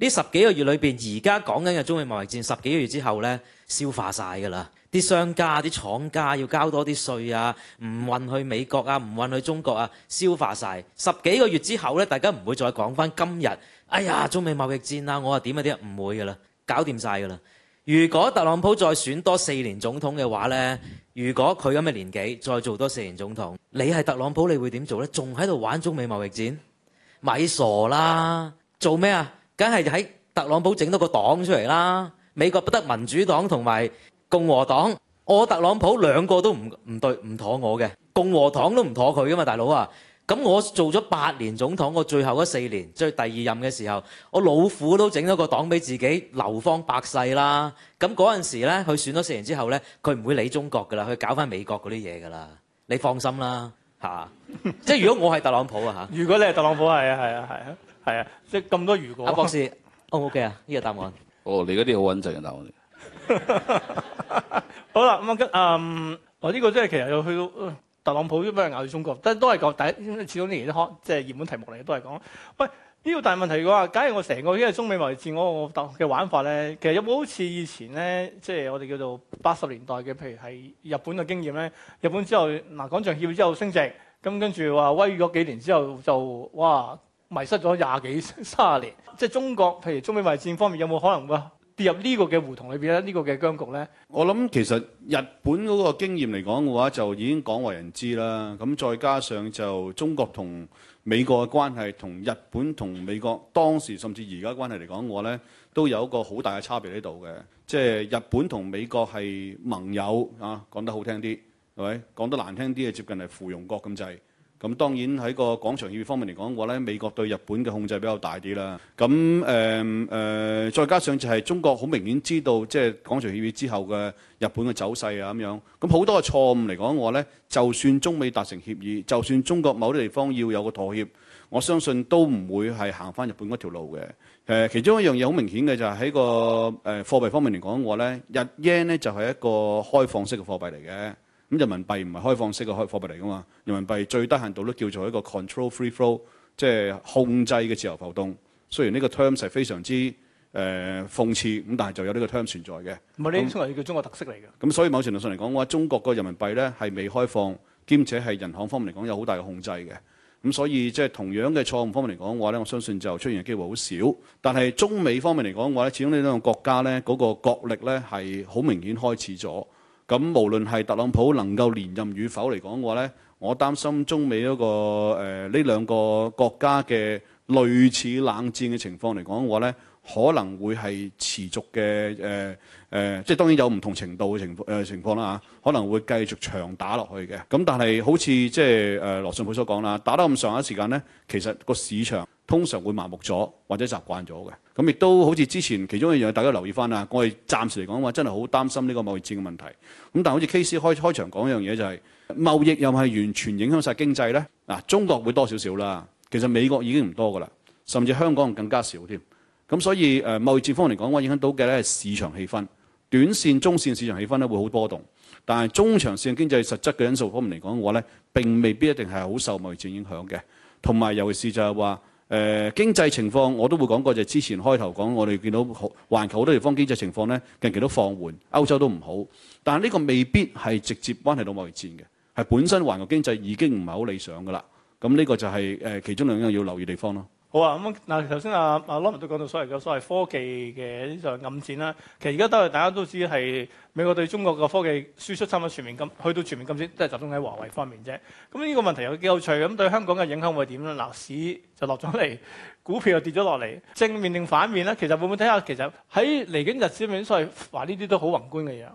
呢十幾個月裏邊，而家講緊嘅中美貿易戰，十幾個月之後呢，消化晒㗎啦。啲商家、啲廠家要交多啲稅啊，唔運去美國啊，唔運去中國啊，消化晒。十幾個月之後呢，大家唔會再講翻今日。哎呀，中美貿易戰啦，我話點啊啲唔會噶啦，搞掂晒噶啦。如果特朗普再選多四年總統嘅話呢？如果佢咁嘅年紀再做多四年總統，你係特朗普，你會點做呢？仲喺度玩中美貿易戰？咪傻啦！做咩啊？梗係喺特朗普整多個黨出嚟啦。美國不得民主黨同埋共和黨，我特朗普兩個都唔唔對唔妥我嘅，共和黨都唔妥佢噶嘛，大佬啊！咁我做咗八年總統，我最後嗰四年即係第二任嘅時候，我老虎都整咗個黨俾自己流芳百世啦。咁嗰陣時咧，佢選咗四年之後咧，佢唔會理中國噶啦，佢搞翻美國嗰啲嘢噶啦。你放心啦，即 *laughs* 係如果我係特朗普啊。如果你係特朗普，係 *laughs* 啊，係啊，係啊，啊，即係咁多如果。阿、啊、博士 *laughs* ，O、oh, 唔 OK 啊？呢、這個答案。哦、oh,，你嗰啲好穩陣嘅答案。 *laughs* *laughs* 好啦，咁啊，嗯，我、這、呢個真係其實要去到。特朗普都俾人咬住中國，但都係講，但始終呢年都即係熱門題目嚟，都係講。喂，呢、這個大問題嘅話，假如我成個因為中美貿易戰嗰個特嘅玩法咧，其實有冇好似以前咧，即係我哋叫做八十年代嘅，譬如係日本嘅經驗咧，日本之後嗱，廣場協議之後升值，咁跟住話威脅嗰幾年之後就哇迷失咗廿幾三十年，即係中國譬如中美貿易戰方面有冇可能㗎？跌入呢個嘅胡同裏邊咧，呢個嘅僵局呢，我諗其實日本嗰個經驗嚟講嘅話，就已經廣為人知啦。咁再加上就中國同美國嘅關係，同日本同美國當時甚至而家關係嚟講嘅話，我呢都有一個好大嘅差別喺度嘅。即係日本同美國係盟友啊，講得好聽啲，係咪？講得難聽啲係接近係附庸國咁滯。咁當然喺個廣場協議方面嚟講嘅話咧，美國對日本嘅控制比較大啲啦。咁誒、呃呃、再加上就係中國好明顯知道，即係廣場協議之後嘅日本嘅走勢啊咁樣。咁好多嘅錯誤嚟講嘅話咧，就算中美達成協議，就算中國某啲地方要有個妥協，我相信都唔會係行翻日本嗰條路嘅、呃。其中一樣嘢好明顯嘅就係喺個誒、呃、貨幣方面嚟講嘅話咧，日元咧就係一個開放式嘅貨幣嚟嘅。咁人民幣唔係開放式嘅貨幣嚟㗎嘛？人民幣最低限度都叫做一個 control free flow，即係控制嘅自由浮動。雖然呢個 term 實非常之誒、呃、諷刺，咁但係就有呢個 term 存在嘅。唔係呢啲先係叫中國特色嚟嘅。咁、嗯、所以某程度上嚟講，我話中國個人民幣咧係未開放，兼且係銀行方面嚟講有好大嘅控制嘅。咁、嗯、所以即係同樣嘅錯誤方面嚟講話，我咧我相信就出現嘅機會好少。但係中美方面嚟講話，我咧始終呢兩個國家咧嗰、那個角力咧係好明顯開始咗。咁無論係特朗普能夠連任與否嚟講嘅話咧，我擔心中美嗰個呢、呃、兩個國家嘅類似冷戰嘅情況嚟講嘅話咧，可能會係持續嘅誒、呃呃、即係當然有唔同程度嘅情況、呃、情況啦可能會繼續長打落去嘅。咁但係好似即係誒、呃、羅尚沛所講啦，打到咁上下時間咧，其實個市場通常會麻木咗或者習慣咗嘅，咁亦都好似之前其中一樣，大家留意翻啊。我哋暫時嚟講嘅話，真係好擔心呢個貿易戰嘅問題。咁但好似 K C 開開場講一樣嘢、就是，就係貿易又唔係完全影響晒經濟呢。嗱，中國會多少少啦，其實美國已經唔多噶啦，甚至香港更加少添。咁所以誒貿易戰方面嚟講嘅話，影響到嘅呢係市場氣氛，短線、中線市場氣氛呢會好波動，但係中長線經濟實質嘅因素方面嚟講嘅話呢，並未必一定係好受貿易戰影響嘅。同埋尤其就是就係話。誒、呃、經濟情況我都會講過，就是、之前開頭講，我哋見到環球好多地方經濟情況呢近期都放緩，歐洲都唔好，但係呢個未必係直接關係到貿易戰嘅，係本身環球經濟已經唔係好理想噶啦。咁呢個就係、是呃、其中兩樣要留意地方咯。好啊，咁嗱，頭先阿阿 Lo 都講到所謂嘅所謂科技嘅呢種暗戰啦。其實而家都係大家都知係美國對中國嘅科技輸出差唔多全面禁，去到全面禁止都係集中喺華為方面啫。咁、這、呢個問題又幾有趣？咁對香港嘅影響會點咧？嗱，市就落咗嚟，股票又跌咗落嚟，正面定反面咧？其實會唔會睇下？其實喺嚟緊日子面，所謂話呢啲都好宏觀嘅嘢。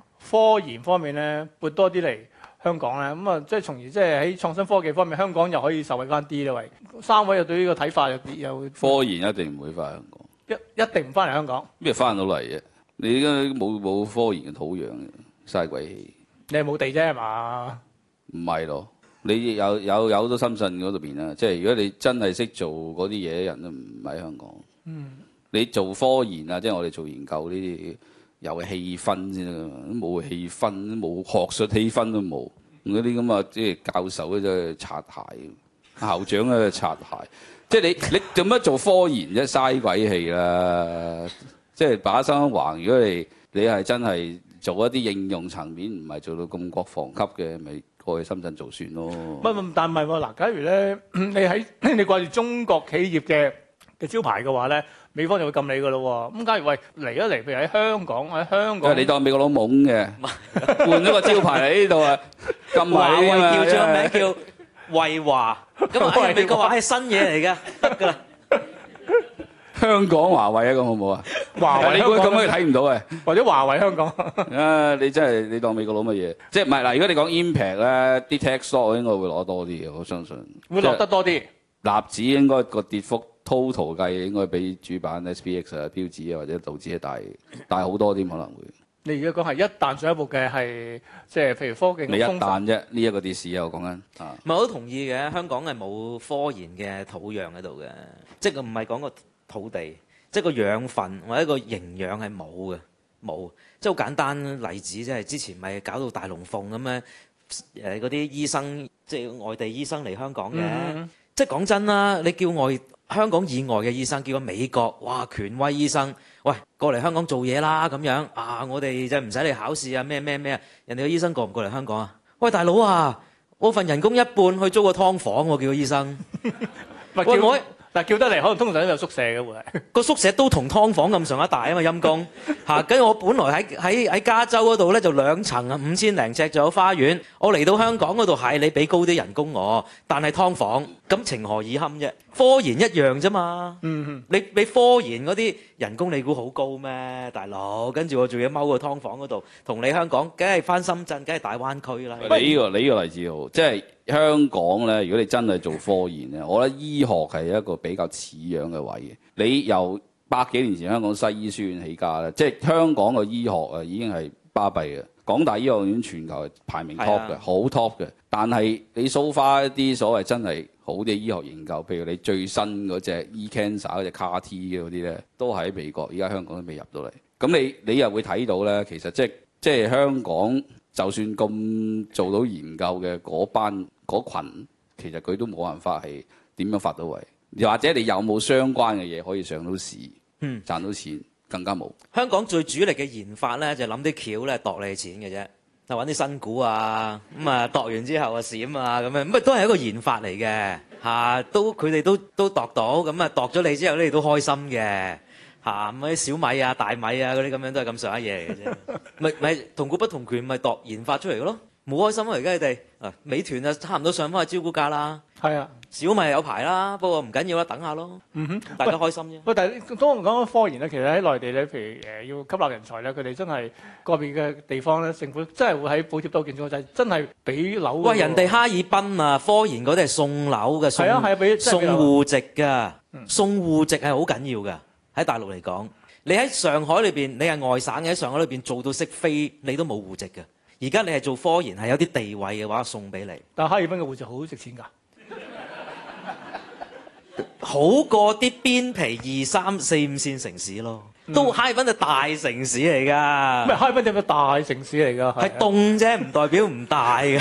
科研方面咧，撥多啲嚟。香港咧，咁啊，即係從而即係喺創新科技方面，香港又可以受惠翻啲啦。喂，三位又對呢個睇法又又。科研一定唔會翻香港，一一定唔翻嚟香港。咩翻到嚟嘅？你依家冇冇科研嘅土壤，嘥鬼氣。你係冇地啫係嘛？唔係咯，你有有有好多深圳嗰度邊啊！即係如果你真係識做嗰啲嘢人都唔喺香港。嗯。你做科研啊，即係我哋做研究呢啲。有氣氛先啦，都冇氣氛，冇學術氣氛都冇。嗰啲咁啊，即係教授咧就擦鞋，校長咧擦鞋。 *laughs* 即係你你做乜做科研啫？嘥鬼氣啦！即係把心橫。如果你你係真係做一啲應用層面，唔係做到咁國防級嘅，咪過去深圳做算咯。乜乜？但唔係喎。嗱，假如咧，你喺你掛住中國企業嘅招牌嘅話咧，美方就會禁你噶咯。咁假如喂嚟一嚟，譬如喺香港，喺香港，你當美國佬懵嘅， *laughs* 換咗個招牌喺呢度啊嘛！華為叫張名 *laughs* 叫衛華咁啊，美國話係新嘢嚟嘅，得噶啦。香港華為啊，咁好唔好啊？華為，華為你香港咁佢睇唔到啊，或者華為香港，啊、你真係你當美國佬乜嘢？即係唔係嗱？如果你講 Impact 咧，啲 Tech Stock 應該會攞多啲嘅，我相信攞得多啲。納指應該個跌幅。total 計應該比主板 SPX 啊標指啊或者道指啊大，大好多啲可能會。你如果講係一彈上一步嘅係，即係譬如科技你是一彈啫，呢一個跌市啊，我講緊。啊。唔係好同意嘅，香港係冇科研嘅土壤喺度嘅，即係唔係講個土地，即係個養分或者個營養係冇嘅，冇。即係好簡單例子，即係之前咪搞到大龍鳳咁咧，誒嗰啲醫生即係外地醫生嚟香港嘅、嗯，即係講真啦，你叫外香港以外嘅醫生，叫個美國，哇，權威醫生，喂，過嚟香港做嘢啦咁樣啊！我哋就唔使你考試啊，咩咩咩啊！人哋個醫生過唔過嚟香港啊？喂，大佬啊，我份人工一半去租個劏房，我叫醫生。 *laughs* 喂我，但叫得嚟可能通常都有宿舍嘅喎，個宿舍都同劏房咁上下大啊嘛，陰公，跟住、 *laughs* 啊、我本來喺喺喺加州嗰度咧，就兩層啊五千零尺，就有花園。我嚟到香港嗰度係你俾高啲人工我，但係劏房，咁情何以堪啫？科研一樣啫嘛、嗯，你你科研嗰啲人工你估好高咩，大佬？跟住我仲要踎個劏房嗰度，同你香港，梗係翻深圳，梗係大灣區啦。你呢、呢個你呢個例子好，即係香港咧。如果你真係做科研咧，我覺得醫學係一個比較似樣嘅位嘅。你由百幾年前香港西醫書院起家啦，即係香港嘅醫學啊已經係巴閉嘅。港大醫學院全球排名 top 嘅，好 top 嘅。但係你掃花一啲所謂真係。好啲醫學研究，譬如你最新嗰隻 e-cancer 嗰隻 CAR-T 嗰啲咧，都喺美國，依家香港都未入到嚟。咁你你又會睇到咧，其實即即香港就算咁做到研究嘅嗰班嗰群，其實佢都冇辦法係點樣發到位，又或者你有冇相關嘅嘢可以上到市，嗯，賺到錢更加冇、嗯。香港最主力嘅研發咧，就係諗啲橋咧度你錢嘅啫。揾啲新股啊，咁、嗯、啊，度完之後啊，閃啊，咁樣咁啊，都係一個研發嚟嘅吓，都佢哋都都度到，咁啊度咗你之後，你哋都開心嘅吓，咁、啊、啲小米啊、大米啊嗰啲咁樣都係咁上下嘢嚟嘅啫，咪 *laughs* 咪同股不同權咪度研發出嚟嘅咯，冇開心啊而家你哋啊，美團啊差唔多上翻去招股價啦，係啊。小米有排啦，不過唔緊要啦，等下咯、嗯，大家開心啫。喂，但係當我講講科研咧，其實喺內地咧，譬如誒要吸納人才咧，佢哋真係個別嘅地方咧，政府真係會喺補貼多一件嘢，就係真係俾樓。喂，人哋哈爾濱啊，科研嗰啲係送樓嘅，係啊係啊，俾送戶籍㗎，送戶籍係好緊要㗎。喺大陸嚟講，你喺上海裏面，你係外省嘅喺上海裏面做到識飛，你都冇戶籍㗎。而家你係做科研，係有啲地位嘅話，送俾你。但哈爾濱嘅戶籍好值錢㗎。好過啲邊皮二三四五線城市咯，都開分就大城市嚟㗎。咩開分？點解大城市嚟㗎？係凍啫，唔代表唔大㗎。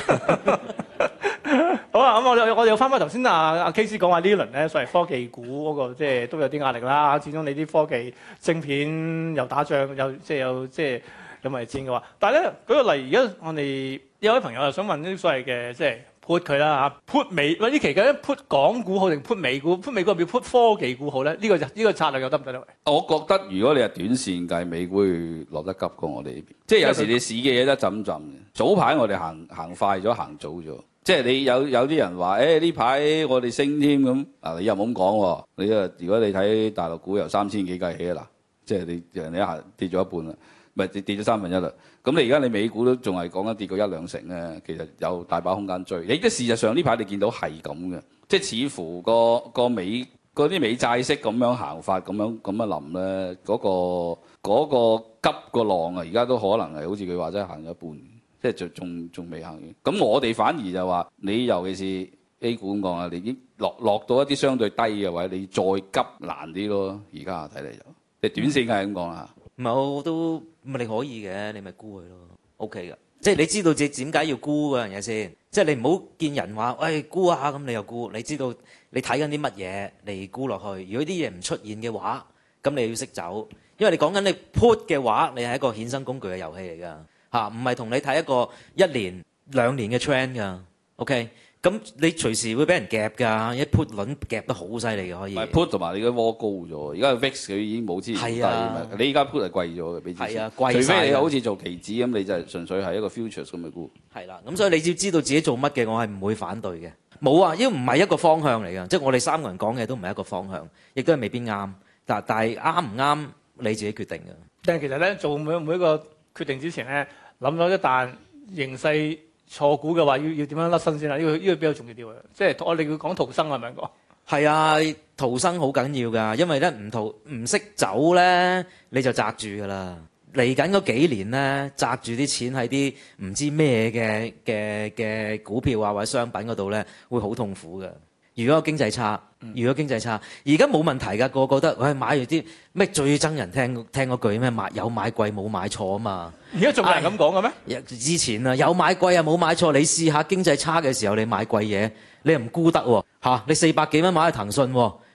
*laughs* *laughs* 好啦咁我哋我哋又翻翻頭先啊啊 KC 講話一輪呢輪咧，所謂科技股嗰、嗰個即係都有啲壓力啦。始終你啲科技晶片又打仗，又即係有，即係有埋戰嘅話，但係咧，舉個例，而家我哋有位朋友又想問呢啲所謂嘅即係。put 佢啦嚇，put 美喂呢期嘅咧，put 港股好定 put 美股，put 美股邊 put 科技股好咧？呢個就呢個策略又得唔得咧？我覺得如果你係短線計，美股會落得急過我哋呢邊。即係有時你市嘅嘢一浸浸嘅。早排我哋行行快咗，行早咗。即係你有有啲人話，誒呢排我哋升添咁，啊你又冇咁講喎。你啊，如果你睇大陸股由三千幾計起啦，即係你人你一下跌咗一半啦，咪跌跌咗三分一啦。咁你而家你美股都仲係講緊跌過一兩成咧，其實有大把空間追。亦都事實上呢排你見到係咁嘅，即係似乎個個美嗰啲美債息咁樣行法樣，咁樣咁樣臨咧，嗰個嗰個急個浪啊，而家都可能係好似佢話啫行咗一半，即係仲仲仲未行完。咁我哋反而就話，你尤其是 A 股咁講啊，你已經落落到一啲相對低嘅位，你再急難啲咯。而家睇嚟就，即係短線係咁講啦嚇都。咁你可以嘅，你咪沽佢咯，OK 㗎，即係你知道自己點解要沽嗰樣嘢先，即係你唔好見人話，喂、哎、沽下咁，你又沽。你知道你睇緊啲乜嘢嚟沽落去？如果啲嘢唔出現嘅話，咁你要識走，因為你講緊你 put 嘅話，你係一個衍生工具嘅遊戲嚟噶，吓，唔係同你睇一個一年、兩年嘅 trend 噶，OK。咁你隨時會俾人夾㗎，一 put 輪夾得好犀利嘅可以。咪 put 同埋你嘅窩高咗，而家 vix 佢已經冇之前低。係啊，你依家 put 係貴咗嘅，比之前。係啊，貴曬。除非你好似做期指咁，你就係純粹係一個 futures 咁嚟沽。係啦，咁所以你只要知道自己做乜嘅，我係唔會反對嘅。冇啊，因為唔係一個方向嚟㗎，即係我哋三個人講嘅都唔係一個方向，亦都係未必啱。但係但係啱唔啱你自己決定㗎。但係其實咧，做每每一個決定之前咧，諗咗一但形勢。錯股嘅話，要要點樣甩身先啊？呢個呢個比較重要啲喎。即係我哋要講逃生係咪講？係啊，逃生好緊要㗎。因為咧，唔逃唔識走咧，你就擳住㗎啦。嚟緊嗰幾年咧，擳住啲錢喺啲唔知咩嘅嘅嘅股票啊，或者商品嗰度咧，會好痛苦㗎。如果經濟差，如果經濟差，而家冇問題㗎。我覺得，喂、哎，買完啲咩最憎人聽聽嗰句咩？有買貴冇買錯嘛！而家仲有人咁講嘅咩？之前啊，有買貴啊冇買錯。你試下經濟差嘅時候，你買貴嘢，你又唔沽得喎、啊、你四百幾蚊買咗騰訊，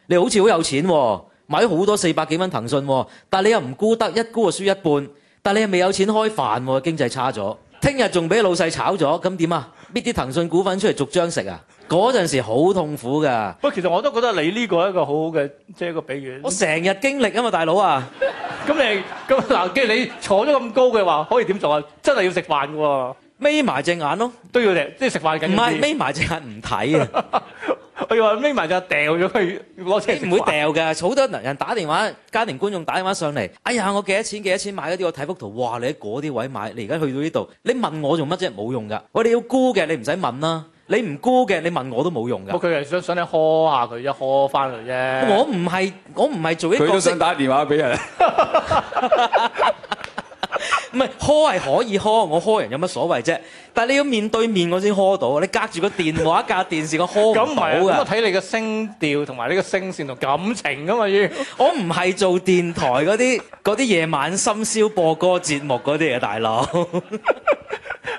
你好似好有錢喎，買好多四百幾蚊騰訊，但你又唔沽得，一沽就輸一半。但你又冇有錢開飯喎，經濟差咗，聽日仲俾老細炒咗，咁點啊？搣啲騰訊股份出嚟逐張食啊！嗰陣時好痛苦㗎！不過其實我都覺得你呢個係一個好好嘅，即係一個比喻。我成日經歷啊嘛，大佬啊，咁你咁嗱，既然你坐咗咁高嘅話，可以點做啊？真係要食飯嘅喎，眯埋隻眼咯，都要嚟，即係食飯嘅唔係，眯埋隻眼唔睇啊。 *laughs* 我以為眯埋隻眼掉咗去攞隻唔會掉嘅，好多人打電話，家庭觀眾打電話上嚟，哎呀，我幾多錢幾多錢買啲？我睇幅圖，哇！你喺嗰啲位買，你而家去到呢度，你問我做乜啫？冇用㗎，我哋要估嘅，你唔使問啦。你唔估嘅，你問我都冇用噶。佢係想想你呵下佢，一呵返佢翻嚟啫。我唔係，我唔係做一個。佢都想打電話俾人。 *laughs* 唔係，呵係可以呵，我呵人有乜所謂啫？但係你要面對面我先呵到，你隔住個電話架電視我呵唔到咁。唔係，咁我睇你個聲調同埋呢個聲線同感情噶嘛？要我唔係做電台嗰啲嗰啲夜晚深宵播歌節目嗰啲啊，大佬。 *laughs*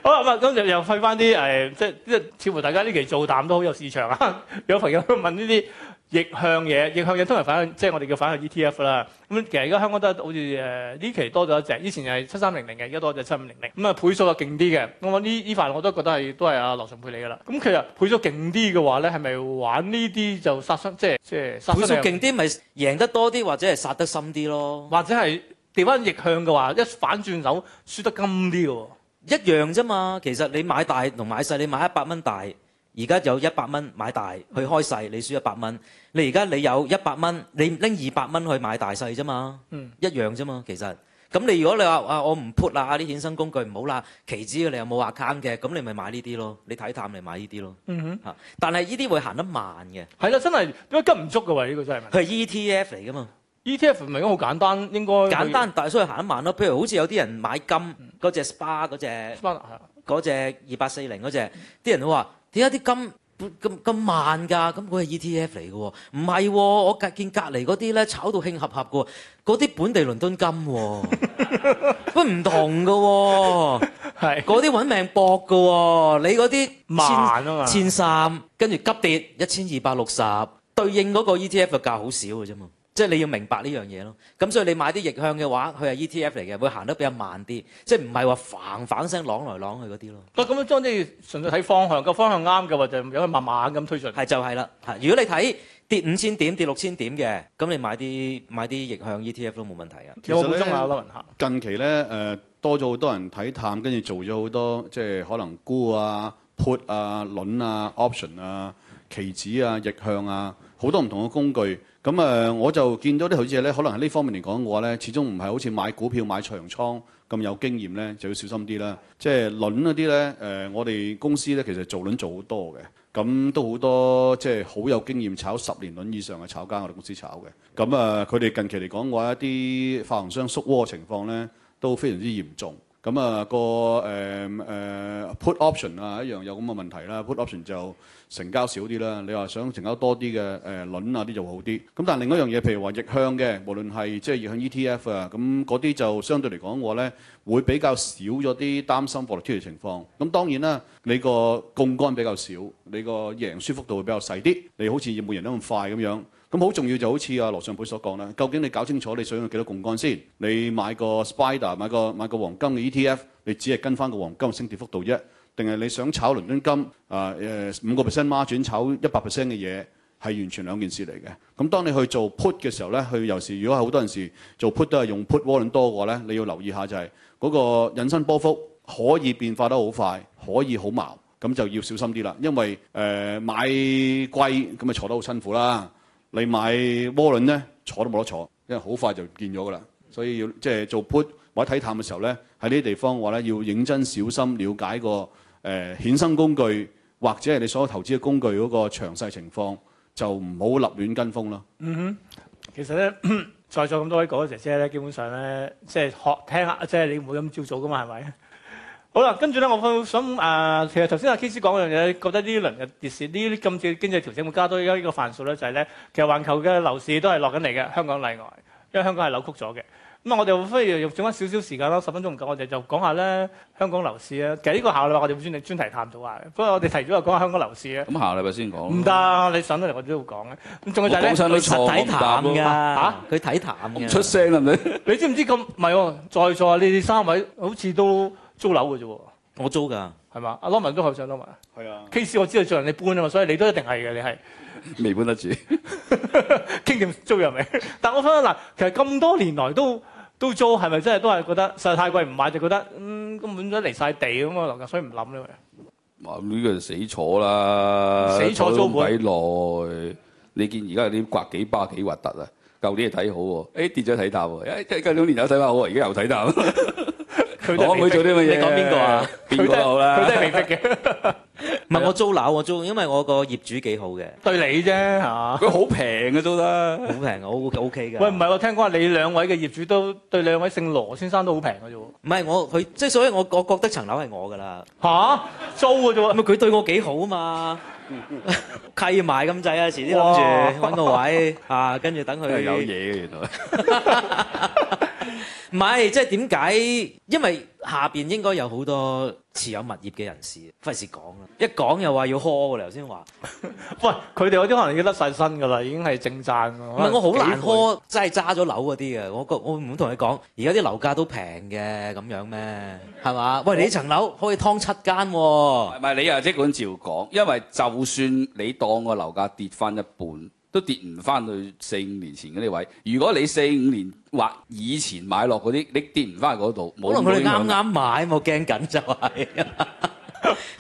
好啦，咁就又費翻啲誒，即係即係，似乎大家呢期做淡都好有市場啊！有朋友都問呢啲。逆向嘢，逆向嘢通常反向，即係我哋叫反向 ETF 啦。咁其實而家香港都好似誒呢期多咗一隻，以前係七三零零嘅，而家多咗隻七五零零。咁啊倍數又勁啲嘅。咁我呢呢塊我都覺得係都係阿羅尚沛利噶啦。咁其實倍數勁啲嘅話咧，係咪玩呢啲就殺傷？即係即係倍數勁啲，咪贏得多啲或者係殺得深啲咯？或者係調翻逆向嘅話，一反轉手輸得金啲喎？一樣啫嘛。其實你買大同買細，你買一百蚊大。而家有一百蚊買大去開細，你輸一百蚊。你而家你有一百蚊，你拎二百蚊去買大細啫嘛，一樣啫嘛，其實。咁你如果你話啊，我唔 put 啦，啲衍生工具唔好啦，期指你又冇 account 嘅，咁你咪買呢啲咯，你睇淡你買呢啲咯。嚇、嗯，但係呢啲會行得慢嘅。係啦，真係點解跟唔足㗎喎？呢、啊這個真係。係 ETF 嚟㗎嘛？ETF 唔係應該好簡單應該？簡單，但係所以行得慢咯。譬如好似有啲人買金嗰隻 SPA 嗰隻，嗰、嗯、隻二八四零嗰隻，啲、嗯、人都話。點解啲金咁咁慢㗎？咁佢係 ETF 嚟㗎喎，唔係喎。我隔見隔離嗰啲呢炒到興合合喎，嗰啲本地倫敦金，喎 *laughs* 同，不唔同㗎喎，係嗰啲揾命搏㗎喎。你嗰啲慢啊嘛，千三跟住急跌一千二百六十，對應嗰個 ETF 嘅價好少㗎咋嘛。即係你要明白呢樣嘢咯，咁所以你買啲逆向嘅話，佢係 ETF 嚟嘅，會行得比較慢啲，即係唔係話反反聲、浪來浪去嗰啲咯。啊，咁啊，張啲純粹睇方向，個方向啱嘅話就有得慢慢咁推出嚟。係就係、是、啦，如果你睇跌五千點、跌六千點嘅，咁你買啲買啲逆向 ETF 都冇問題嘅。我補充下啦，近期咧誒、呃、多咗好多人睇淡，跟住做咗好多即係可能沽啊、put 啊、輪啊，啊、option 啊、期指啊、逆向啊，好多唔同嘅工具。咁、呃、我就見到啲好似咧，可能喺呢方面嚟講嘅話咧，始終唔係好似買股票買長倉咁有經驗咧，就要小心啲啦。即係輪嗰啲咧，呃、我哋公司咧其實做輪做好多嘅，咁都好多即係好有經驗炒十年輪以上嘅炒家，我哋公司炒嘅。咁啊，佢哋近期嚟講嘅話，一啲發行商縮窩情況咧都非常之嚴重。咁啊，個、呃呃、put option 啊一樣有咁嘅問題啦，put option 就。成交少啲啦，你話想成交多啲嘅輪啊啲就好啲。咁但係另一樣嘢，譬如話逆向嘅，無論係即係逆向 ETF 啊，咁嗰啲就相對嚟講，嘅話咧會比較少咗啲擔心貨幣貶值情況。咁當然啦，你個槓桿比較少，你個贏輸幅度會比較細啲。你好似業務人都咁快咁樣。咁好重要就好似阿羅尚沛所講啦，究竟你搞清楚你想用幾多槓桿先？你買個 Spider，買個買個黃金嘅 ETF，你只係跟翻個黃金升跌幅度啫。定係你想炒倫敦金啊？誒五個 percent 孖展炒一百 percent 嘅嘢係完全兩件事嚟嘅。咁當你去做 put 嘅時候咧，去尤其是如果係好多陣時做 put 都係用 put 窩輪多過咧，你要留意下就係、是、嗰、那個引伸波幅可以變化得好快，可以好猛，咁就要小心啲啦。因為誒、呃、買貴咁咪坐得好辛苦啦。你買窩輪咧坐都冇得坐，因為好快就見咗㗎喇。所以要即係、就是、做 put 或者睇探嘅時候咧，喺呢啲地方嘅話咧要認真小心了解個。誒衍生工具或者係你所有投資嘅工具嗰個詳細情況，就唔好立亂跟風啦。嗯哼，其實咧，在座咁多位哥哥姐姐咧，基本上咧，即係學聽下，即係你唔好咁朝早噶嘛，係咪？好啦，跟住咧，我會想啊，其實頭先阿 K 師講嗰樣嘢，覺得呢輪嘅跌市，呢啲今次經濟調整會加多依一個範數咧，就係咧，其實環球嘅樓市都係落緊嚟嘅，香港例外，因為香港係扭曲咗嘅。咁啊，我哋就不如用剩翻少少時間啦，十分鐘唔夠，我哋就講下咧香港樓市咧。其實呢個下禮拜我哋會專專題探討下嘅。不過我哋提早又講下香港樓市咧。咁下禮拜先講。唔得，你上嚟我都要講嘅。咁仲係就係咧，講親佢睇淡㗎。嚇，佢睇淡唔出聲啦，係咪？你，不、啊 yeah. 不 *laughs* 你知唔知咁？唔係喎，在座你哋三位好似都租樓嘅啫喎。我租㗎，係嘛？阿羅文都後上羅文啊。係啊。K C 我知道叫人你搬啊嘛，所以你都一定係嘅，你係。未搬得住， *laughs* 傾掂租入未？但我覺得嗱，其實咁多年來都都租，係咪真係都係覺得實在太貴唔買，就覺得嗯根本都離晒地咁啊，所以唔諗呢哇！呢、啊呢個就死坐啦，死了坐租睇好耐。你見而家有啲刮幾巴幾核突啊？舊年睇好喎，跌咗睇淡喎，哎今年年頭睇翻好，而家又睇淡。我唔會做啲乜嘢。你講邊個啊？邊個都好啦？佢都係未必嘅。唔係、啊、我租樓，我租，因為我個業主幾好嘅。對你啫嚇，佢好平嘅租得，好 *laughs* 平， *laughs* 我 O K 嘅。喂，唔係我聽講話你兩位嘅業主都對兩位姓羅先生都好平嘅啫喎。唔係我，佢即係所以我，我我覺得層樓係我㗎啦。嚇、啊？租嘅啫喎。咪佢對我幾好啊嘛。契埋咁滯啊，遲啲諗住揾個位啊跟住等佢。有嘢原來。 *laughs* *laughs* 唔係，即係點解？因為下邊應該有好多持有物業嘅人士，費事講啦。一講又話要蝦嘅，頭先話。 *laughs* 喂，佢哋有啲可能已經甩晒身嘅啦，已經係正賺。唔係，我好難蝦，真係揸咗樓嗰啲嘅。我我唔同你講，而家啲樓價都平嘅咁樣咩？係嘛？喂，你層樓可以劏七間啊？唔係你又即管照講，因為就算你當個樓價跌翻一半。都跌唔翻去四五年前嗰啲位。如果你四五年或以前買落嗰啲，你跌唔翻去嗰度。可能佢哋啱啱買，我驚緊就係、是。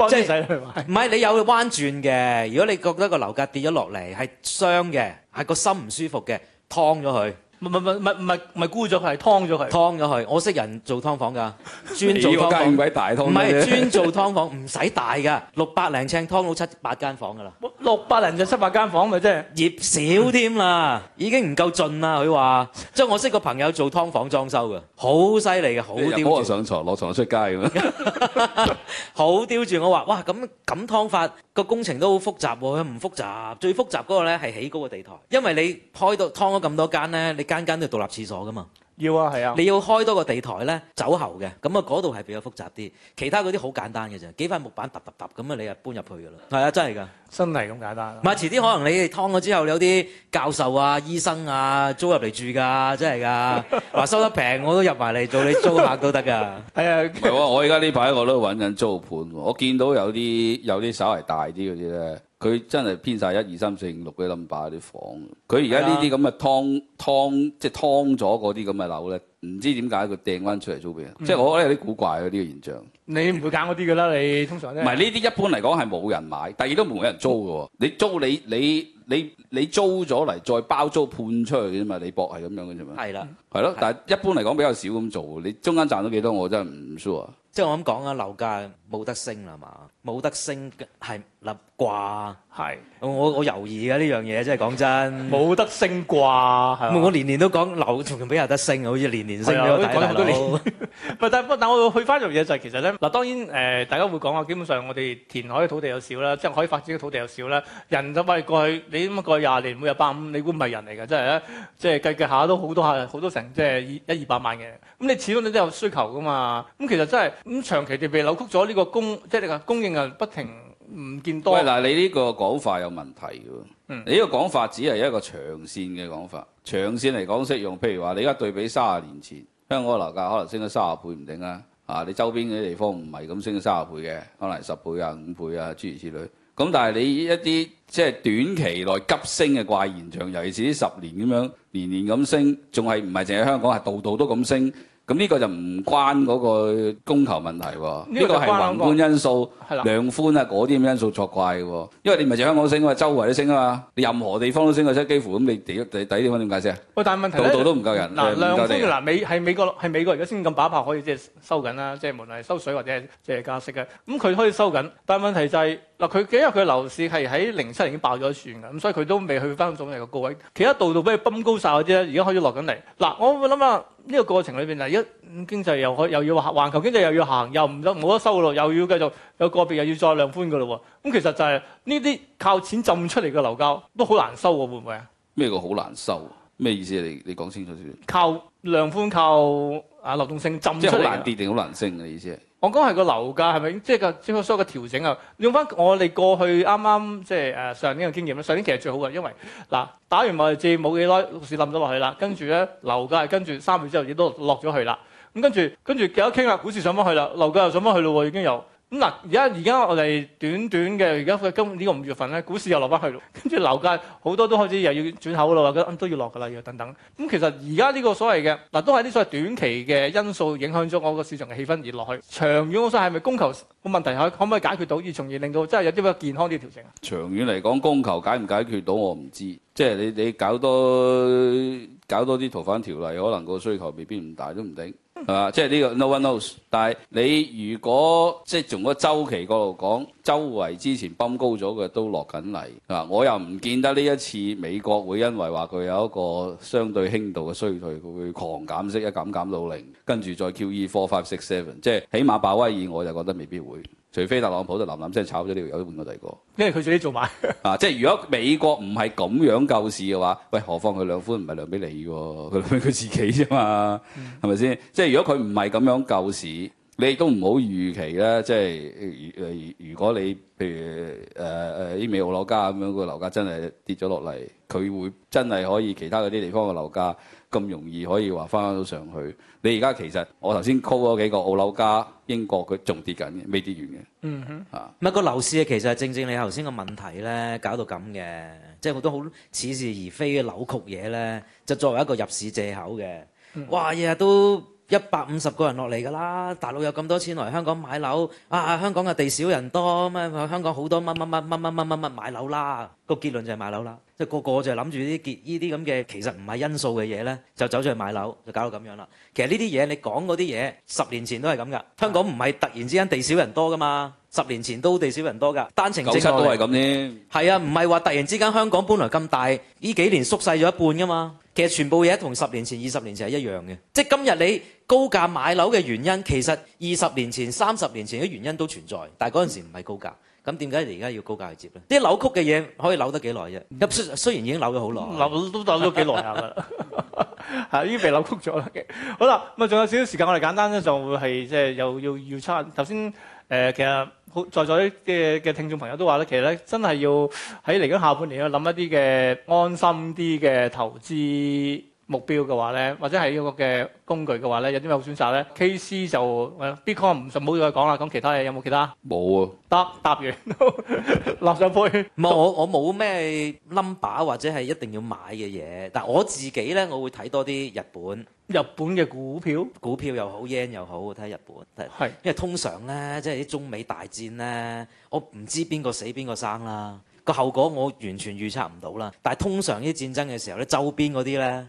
即係唔使去買。唔 *laughs* 係、就是、 *laughs* 你有彎轉嘅。如果你覺得個樓價跌咗落嚟係傷嘅，係個心唔舒服嘅，劏咗佢。唔唔唔唔唔唔，咪沽咗佢，係劏咗佢。劏咗佢，我識人做劏房㗎，專做劏房，哎，專做劏房。幾個間咁鬼大劏房，唔係專做劏房，唔使大㗎，六百零尺劏到七八間房㗎啦。六百零呎，七八間房咪真係業少添啦，已經唔夠盡啦。佢話，即係 *laughs* 我識個朋友做劏房裝修㗎，好犀利㗎，好刁鑽上床，落床出街咁樣？好刁鑽，我話，哇，咁咁劏法個工程都好複雜喎，佢唔複雜，最複雜嗰個咧係起嗰個地台，因為你開到劏咗咁多間咧，你。間間都係獨立廁所㗎嘛，要啊，係啊，你要開多個地台咧，走喉嘅，咁啊嗰度係比較複雜啲，其他嗰啲好簡單嘅啫，幾塊木板揼揼揼咁啊，你啊搬入去㗎啦，係啊，真係㗎，真係咁簡單。唔係遲啲可能你哋劏咗之後，你有啲教授啊、醫生啊租入嚟住㗎，真係㗎，話 *laughs* 收得平我都入埋嚟做你租客都得㗎。係 *laughs* 是啊，唔 *laughs* 係我而家呢排我都揾緊租盤，我見到有啲有啲稍為大啲嗰啲咧。佢真係偏晒一二三四五六嗰啲冧巴啲房，佢而家呢啲咁嘅劏劏即係劏咗嗰啲咁嘅樓咧，唔知點解佢掟翻出嚟租俾人、嗯，即係我覺得有啲古怪啊呢個現象。你唔會揀嗰啲㗎啦，你通常咧、就是。唔係呢啲一般嚟講係冇人買，但係亦都冇人租㗎喎、嗯。你租你你你你租咗嚟再包租判出去㗎嘛？你博係咁樣嘅。啫嘛。係啦，係、嗯、咯，但係一般嚟講比較少咁做，你中間賺咗幾多我真係唔 sure。即係我咁講啊，樓價冇得升啦嘛。冇得升，係立啩。係我我猶豫嘅呢樣嘢，真係講真。冇得升啩。咁我年年都講樓仲比有得升，升好似年年升咗。 *laughs* 但係唔係？但係但我去翻一樣嘢就係、是、其實咧嗱，當然誒、呃，大家會講話，基本上我哋填海嘅土地又少啦，即係可以發展嘅土地又少啦。人就喂過去，你咁過廿年每日百五，你估唔係人嚟㗎？真係咧，即係計計下都好多下，好多成即係一二百萬嘅。咁你始終你都有需求㗎嘛？咁其實真係咁長期地被扭曲咗呢個供，即係你個供應。就是、不停唔見多。喂，嗱，你呢個講法有問題喎。嗯。你呢個講法只係一個長線嘅講法，長線嚟講適用。譬如話，你而家對比三十年前香港樓價可能升咗三十倍唔定啦。啊，你周邊嗰啲地方唔係咁升咗三十倍嘅，可能十倍啊、五倍啊諸如此類。咁但係你一啲即係短期內急升嘅怪現象，尤其是呢十年咁樣年年咁升，仲係唔係淨係香港係度度都咁升？咁呢個就唔關嗰個供求問題喎，呢、這個係宏觀因素、量、那個、寬啊嗰啲咁因素作怪嘅喎，因為你唔係就香港升啊，周圍都升啊嘛，你任何地方都升啊，啫，係幾乎咁。你地地地方點解釋啊？喂，但問題，度度都唔夠人，嗱量寬嗱美係美國係美國而家先咁把炮可以即係收緊啦，即係無論係收水或者係即係加息嘅，咁佢可以收緊。但係問題就係嗱佢因為佢樓市係喺零七年已經爆咗船串嘅，咁所以佢都未去翻總體嘅高位，其他度度俾佢崩高曬嘅啫，而家開始落緊嚟。嗱，我會諗下。呢、這個過程裏邊嚟一經濟又可又要行，環球經濟又要行，又唔得冇得收嘅咯，又要繼續有個別又要再量寬嘅咯喎。咁其實就係呢啲靠錢浸出嚟嘅樓交，都好難收喎，會唔會啊？咩叫好難收？咩意思？你你講清楚先。靠量寬靠。啊，流動性浸出即係好難跌定好難升嘅意思。我講係個樓價係咪？即係個即係所有嘅調整啊。用翻我哋過去啱啱即係誒上年嘅經驗啦。上年其實最好嘅，因為嗱打完貿易戰冇幾耐，股市冧咗落去啦。跟住咧樓價，跟住三個月之後亦都落咗去啦。咁跟住跟住有得傾啦，股市上翻去啦，樓價又上翻去咯喎，已經有。咁嗱，而家而家我哋短短嘅，而家今呢個五月份咧，股市又落翻去，跟住樓價好多都開始又要轉口喇，話覺得都要落噶啦，又等等。咁其實而家呢個所謂嘅嗱，都係啲所謂短期嘅因素影響咗我個市場嘅氣氛而落去。長遠嗰個係咪供求個問題可可唔可以解決到，而從而令到真係有啲比較健康啲調整啊？長遠嚟講，供求解唔解決到我唔知，即係你你搞多搞多啲逃犯條例，可能個需求未必唔大都唔定。係嘛？即係呢個 no one knows。但係你如果即係從個周期嗰度講，周圍之前泵高咗嘅都落緊嚟。嗱，我又唔見得呢一次美國會因為話佢有一個相對輕度嘅衰退，佢會狂減息，一減減到零，跟住再 QE four five six seven。即係起碼鮑威爾我就覺得未必會。除非特朗普就諗諗聲炒咗呢度，有得換第二個。因為佢最己做買。啊，即係如果美國唔係咁樣救市嘅話，喂，何況佢量寬唔係量俾你喎，佢量俾佢自己啫嘛，係咪先？即係如果佢唔係咁樣救市，你亦都唔好預期咧。即係如如果你譬如誒誒、呃、美澳攞加咁樣個樓價真係跌咗落嚟，佢會真係可以其他嗰啲地方嘅樓價。咁容易可以話翻翻到上去？你而家其實我頭先 call 咗幾個澳樓加英國，佢仲跌緊嘅，未跌完嘅。嗯哼，啊，係個樓市啊，其實正正你頭先個問題咧，搞到咁嘅，即係好多好似是而非嘅扭曲嘢咧，就作為一個入市藉口嘅、嗯。哇！日日都～一百五十個人落嚟㗎啦！大陸有咁多錢嚟香港買樓，啊香港嘅地少人多，咁啊香港好多乜乜乜乜乜乜乜買樓啦。個結論就係買樓啦，即係個個就係諗住啲結呢啲咁嘅其實唔係因素嘅嘢咧，就走咗去買樓，就搞到咁樣啦。其實呢啲嘢你講嗰啲嘢，十年前都係咁㗎。香港唔係突然之間地少人多㗎嘛，十年前都地少人多㗎。單程積壓都係咁㖏。係啊，唔係話突然之間香港本來咁大，呢幾年縮細咗一半㗎嘛。其實全部嘢同十年前、二十年前係一樣嘅，即係今日你。高價買樓嘅原因，其實二十年前、三十年前嘅原因都存在，但係嗰陣時唔係高價。咁點解你而家要高價去接咧？啲扭曲嘅嘢可以扭得幾耐啫？而家雖然已經扭咗好耐，扭都扭咗幾耐下啦，係 *laughs* *laughs* 已經被扭曲咗啦。好啦，咁啊仲有少少時間，我哋簡單咧就會係即係又要要預測頭先。誒、呃，其實好在座啲嘅嘅聽眾朋友都話咧，其實咧真係要喺嚟緊下半年要諗一啲嘅安心啲嘅投資。目標嘅話咧，或者係呢個嘅工具嘅話咧，有啲咩好選擇咧？K C 就誒，Bitcoin 就唔好再講啦。咁其他嘢有冇其他？冇啊。得，答完 *laughs* *laughs* 立上去。唔係我我冇咩 number 或者係一定要買嘅嘢，但係我自己咧，我會睇多啲日本。日本嘅股票，股票又好，yen 又好，睇下日本。係。因為通常咧，即係啲中美大戰咧，我唔知邊個死邊個生啦，個後果我完全預測唔到啦。但係通常啲戰爭嘅時候咧，周邊嗰啲咧。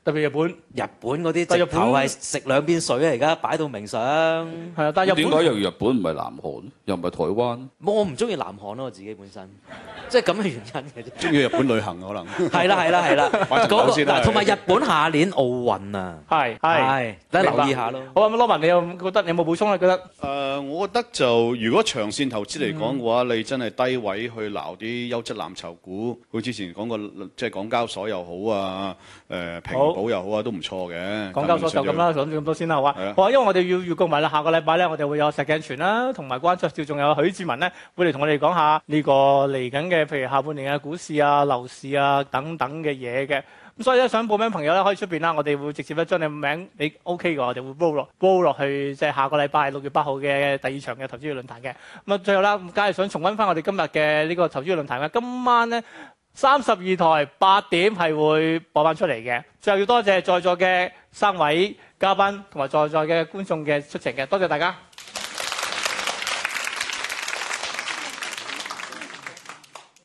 特別日本，日本嗰啲直頭係食兩邊水啊！而家擺到明上，係啊，但日本點解又日本唔係南韓，又唔係台灣？我唔中意南韓咯，我自己本身，即係咁嘅原因嘅啫。中意日本旅行可能係啦，係 *laughs* 啦，係啦。講同埋日本下年奧運啊，係，大家留意下咯。好啊，麥羅文，你有覺得你有冇補充啊？覺得誒，uh, 我覺得就如果長線投資嚟講嘅話，你真係低位去撈啲優質藍籌股。佢之前講過即係港交所又好啊，誒平。保佑好又好啊，都唔錯嘅。講交所就咁啦，諗住咁多先啦，啊。好啊，因為我哋要預告埋啦，下個禮拜咧，我哋會有石鏡泉啦，同埋關卓照，仲有許志文咧，會嚟同我哋講下呢個嚟緊嘅，譬如下半年嘅股市啊、樓市啊等等嘅嘢嘅。咁所以咧，想報名朋友咧，可以出面啦，我哋會直接咧將你名，你 OK 嘅，我哋會 roll 落，roll 落去，即係下個禮拜六月八號嘅第二場嘅投資論壇嘅。咁啊，最後啦，梗係想重溫翻我哋今日嘅呢個投資論壇嘅。今晚咧。三十二台八點係會播翻出嚟嘅，最後要多謝在座嘅三位嘉賓同埋在座嘅觀眾嘅出席嘅，多謝大家。